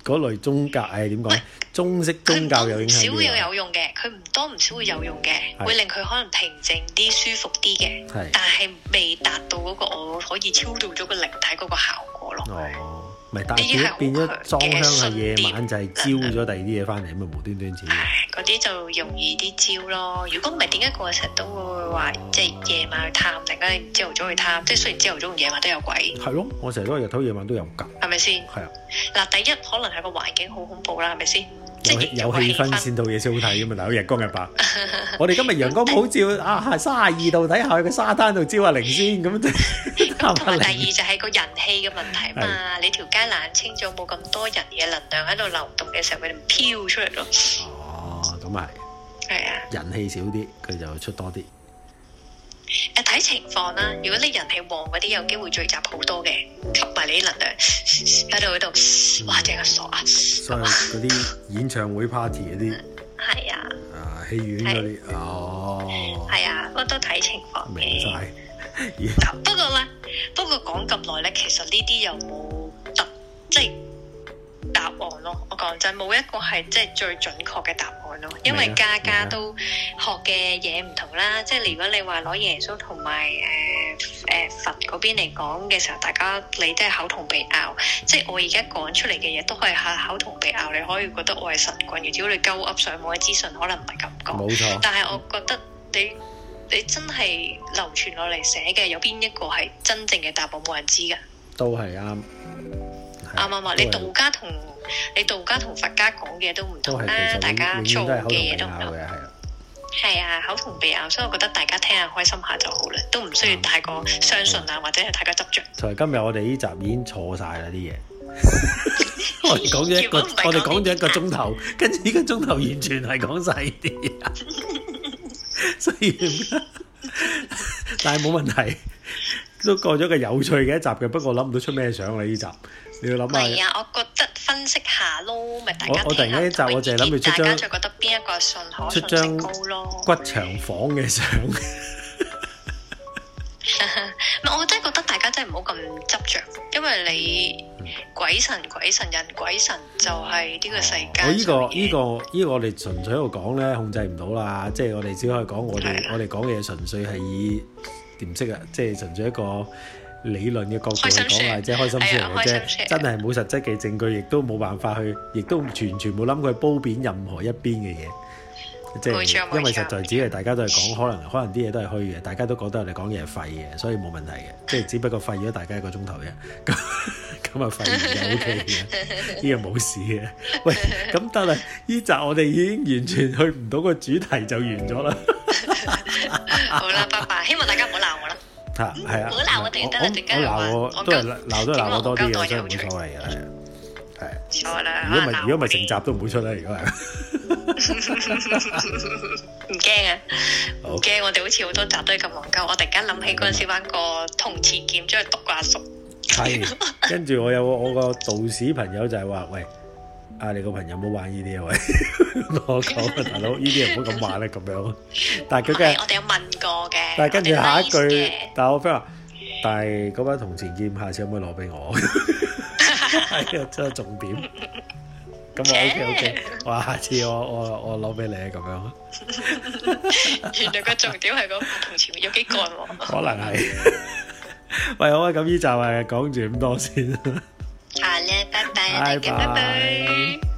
嗰類宗教係點講咧？中式宗教有影響。少會有用嘅，佢唔多唔少會有用嘅，會令佢可能平靜啲、舒服啲嘅。係。但係未達到嗰個我可以超度咗個靈體嗰個效果咯。哦，咪但係變咗裝香嘅夜晚就係招咗第二啲嘢翻嚟，咁啊無端端。唉，嗰啲就容易啲招咯。如果唔係點解我成日都會話，即係夜晚去探，定係朝頭早去探？即係雖然朝頭早同夜晚都有鬼。係咯，我成日都係日頭夜晚都有㗎。係啊，嗱，喏第一可能係個環境好恐怖啦，係咪先？有有氣氛先到嘢先好睇嘅嘛，嗱， *laughs* 日光日白，我哋今日陽光普照 *laughs* 啊，三十二度底下嘅沙灘度招下靈先咁， *laughs* 第二就係個人氣嘅問題嘛，的你條街冷清咗，冇咁多人嘅能量喺度流動嘅時候，佢哋咪飄出嚟咯。哦，咁咪，係的，係啊，人氣少啲，佢就出多啲。誒，睇情況啦，啊。如果你人氣旺嗰啲，有機會聚集好多嘅，吸埋你啲能量喺度嗰度。哇，正啊傻啊！所以嗰啲演唱會 party 嗰啲。係啊。啊，戲院嗰啲、啊、哦。係啊，不過都都睇情況。明晒。不過咧，不過講咁耐咧，其實呢啲又冇特即係？就是答案咯，我講真冇一個係即係最準確嘅答案咯，因為家家都學嘅嘢唔同啦。即係如果你話攞耶穌同埋誒誒佛嗰邊嚟講嘅時候，大家你都係口同鼻拗。即係我而家講出嚟嘅嘢都係下口同鼻拗，你可以覺得我係神棍嘅。如果你鳩噏上網嘅資訊，可能唔係咁講。冇錯。但係我覺得你你真係流傳落嚟寫嘅，有邊一個係真正嘅答案？冇人知㗎。都係啱。啱唔啱？你道家同你道家同佛家講嘅都唔同啊！大家做嘅嘢都唔同。係啊，口同鼻拗，所以我覺得大家聽下開心下就好啦，都唔需要太過相信啊，或者係太過執著。就係今日我哋呢集已經錯曬啦，啲嘢，我哋講咗一個，我哋講咗一個鐘頭，跟住呢個鐘頭完全係講曬啲嘢，雖然但係冇問題。都過咗個有趣嘅一集嘅，不過我諗唔到出咩相你呢集，你要諗咧。係啊，我覺得分析下咯，咪大家我突然間一集，我淨係諗住出張。大家就覺得邊一個信可信性高咯？出張骨場房嘅相。我真係覺得大家真係唔好咁執着，因為你鬼神鬼神人鬼神就係呢個世界。我依個呢個呢個，這個這個，我哋純粹喺度講咧，控制唔到啦。即係我哋只可以講，的我哋我哋講嘅嘢純粹係以。點識啊？即係純粹一個理論嘅角度去講啊，即係開心先嚟啫，哎、真係冇實質嘅證據，亦都冇辦法去，亦都完全冇諗過去褒貶任何一邊嘅嘢。即係，因為實在只係大家都係講，可能可能啲嘢都係虛嘅，大家都覺得我哋講嘢係廢嘅，所以冇問題嘅。即係只不過廢咗大家一個鐘頭嘅，咁咁啊廢完又 O K 嘅，呢個冇事嘅。喂，咁得啦，呢集我哋已經完全去唔到個主題就完咗啦。好啦，拜拜，希望大家唔好鬧我啦。吓係啊，我哋，我鬧我都係鬧咗我多啲嘅，真係冇所謂嘅。係，如果唔係，如果唔係成集都唔會出啦。如果係，唔驚啊，唔驚。我哋好似好多集都係咁戇鳩。我突然間諗起嗰陣時玩個銅錢劍，真係督過阿叔。係，跟住我有我個道士朋友就係話：喂，阿你個朋友冇玩呢啲啊喂，我講啊大佬，呢啲人唔好咁玩啦咁樣。但係佢梗係，我哋有問過嘅。但係跟住下一句，但係我 friend 話，但係嗰班銅錢劍下次可唔可以攞俾我？係、哎，真係重點。咁我 O K O K，我下次我我我攞俾你啊，咁樣。 *laughs* *laughs* 原來個重點係咁、嗰個，同前面有幾個、哦、 *laughs* 可能係是。 *laughs* 喂，好啊，咁呢集啊，講住咁多先。好 *laughs* 啦、啊，拜拜，bye, 拜拜。Bye, bye.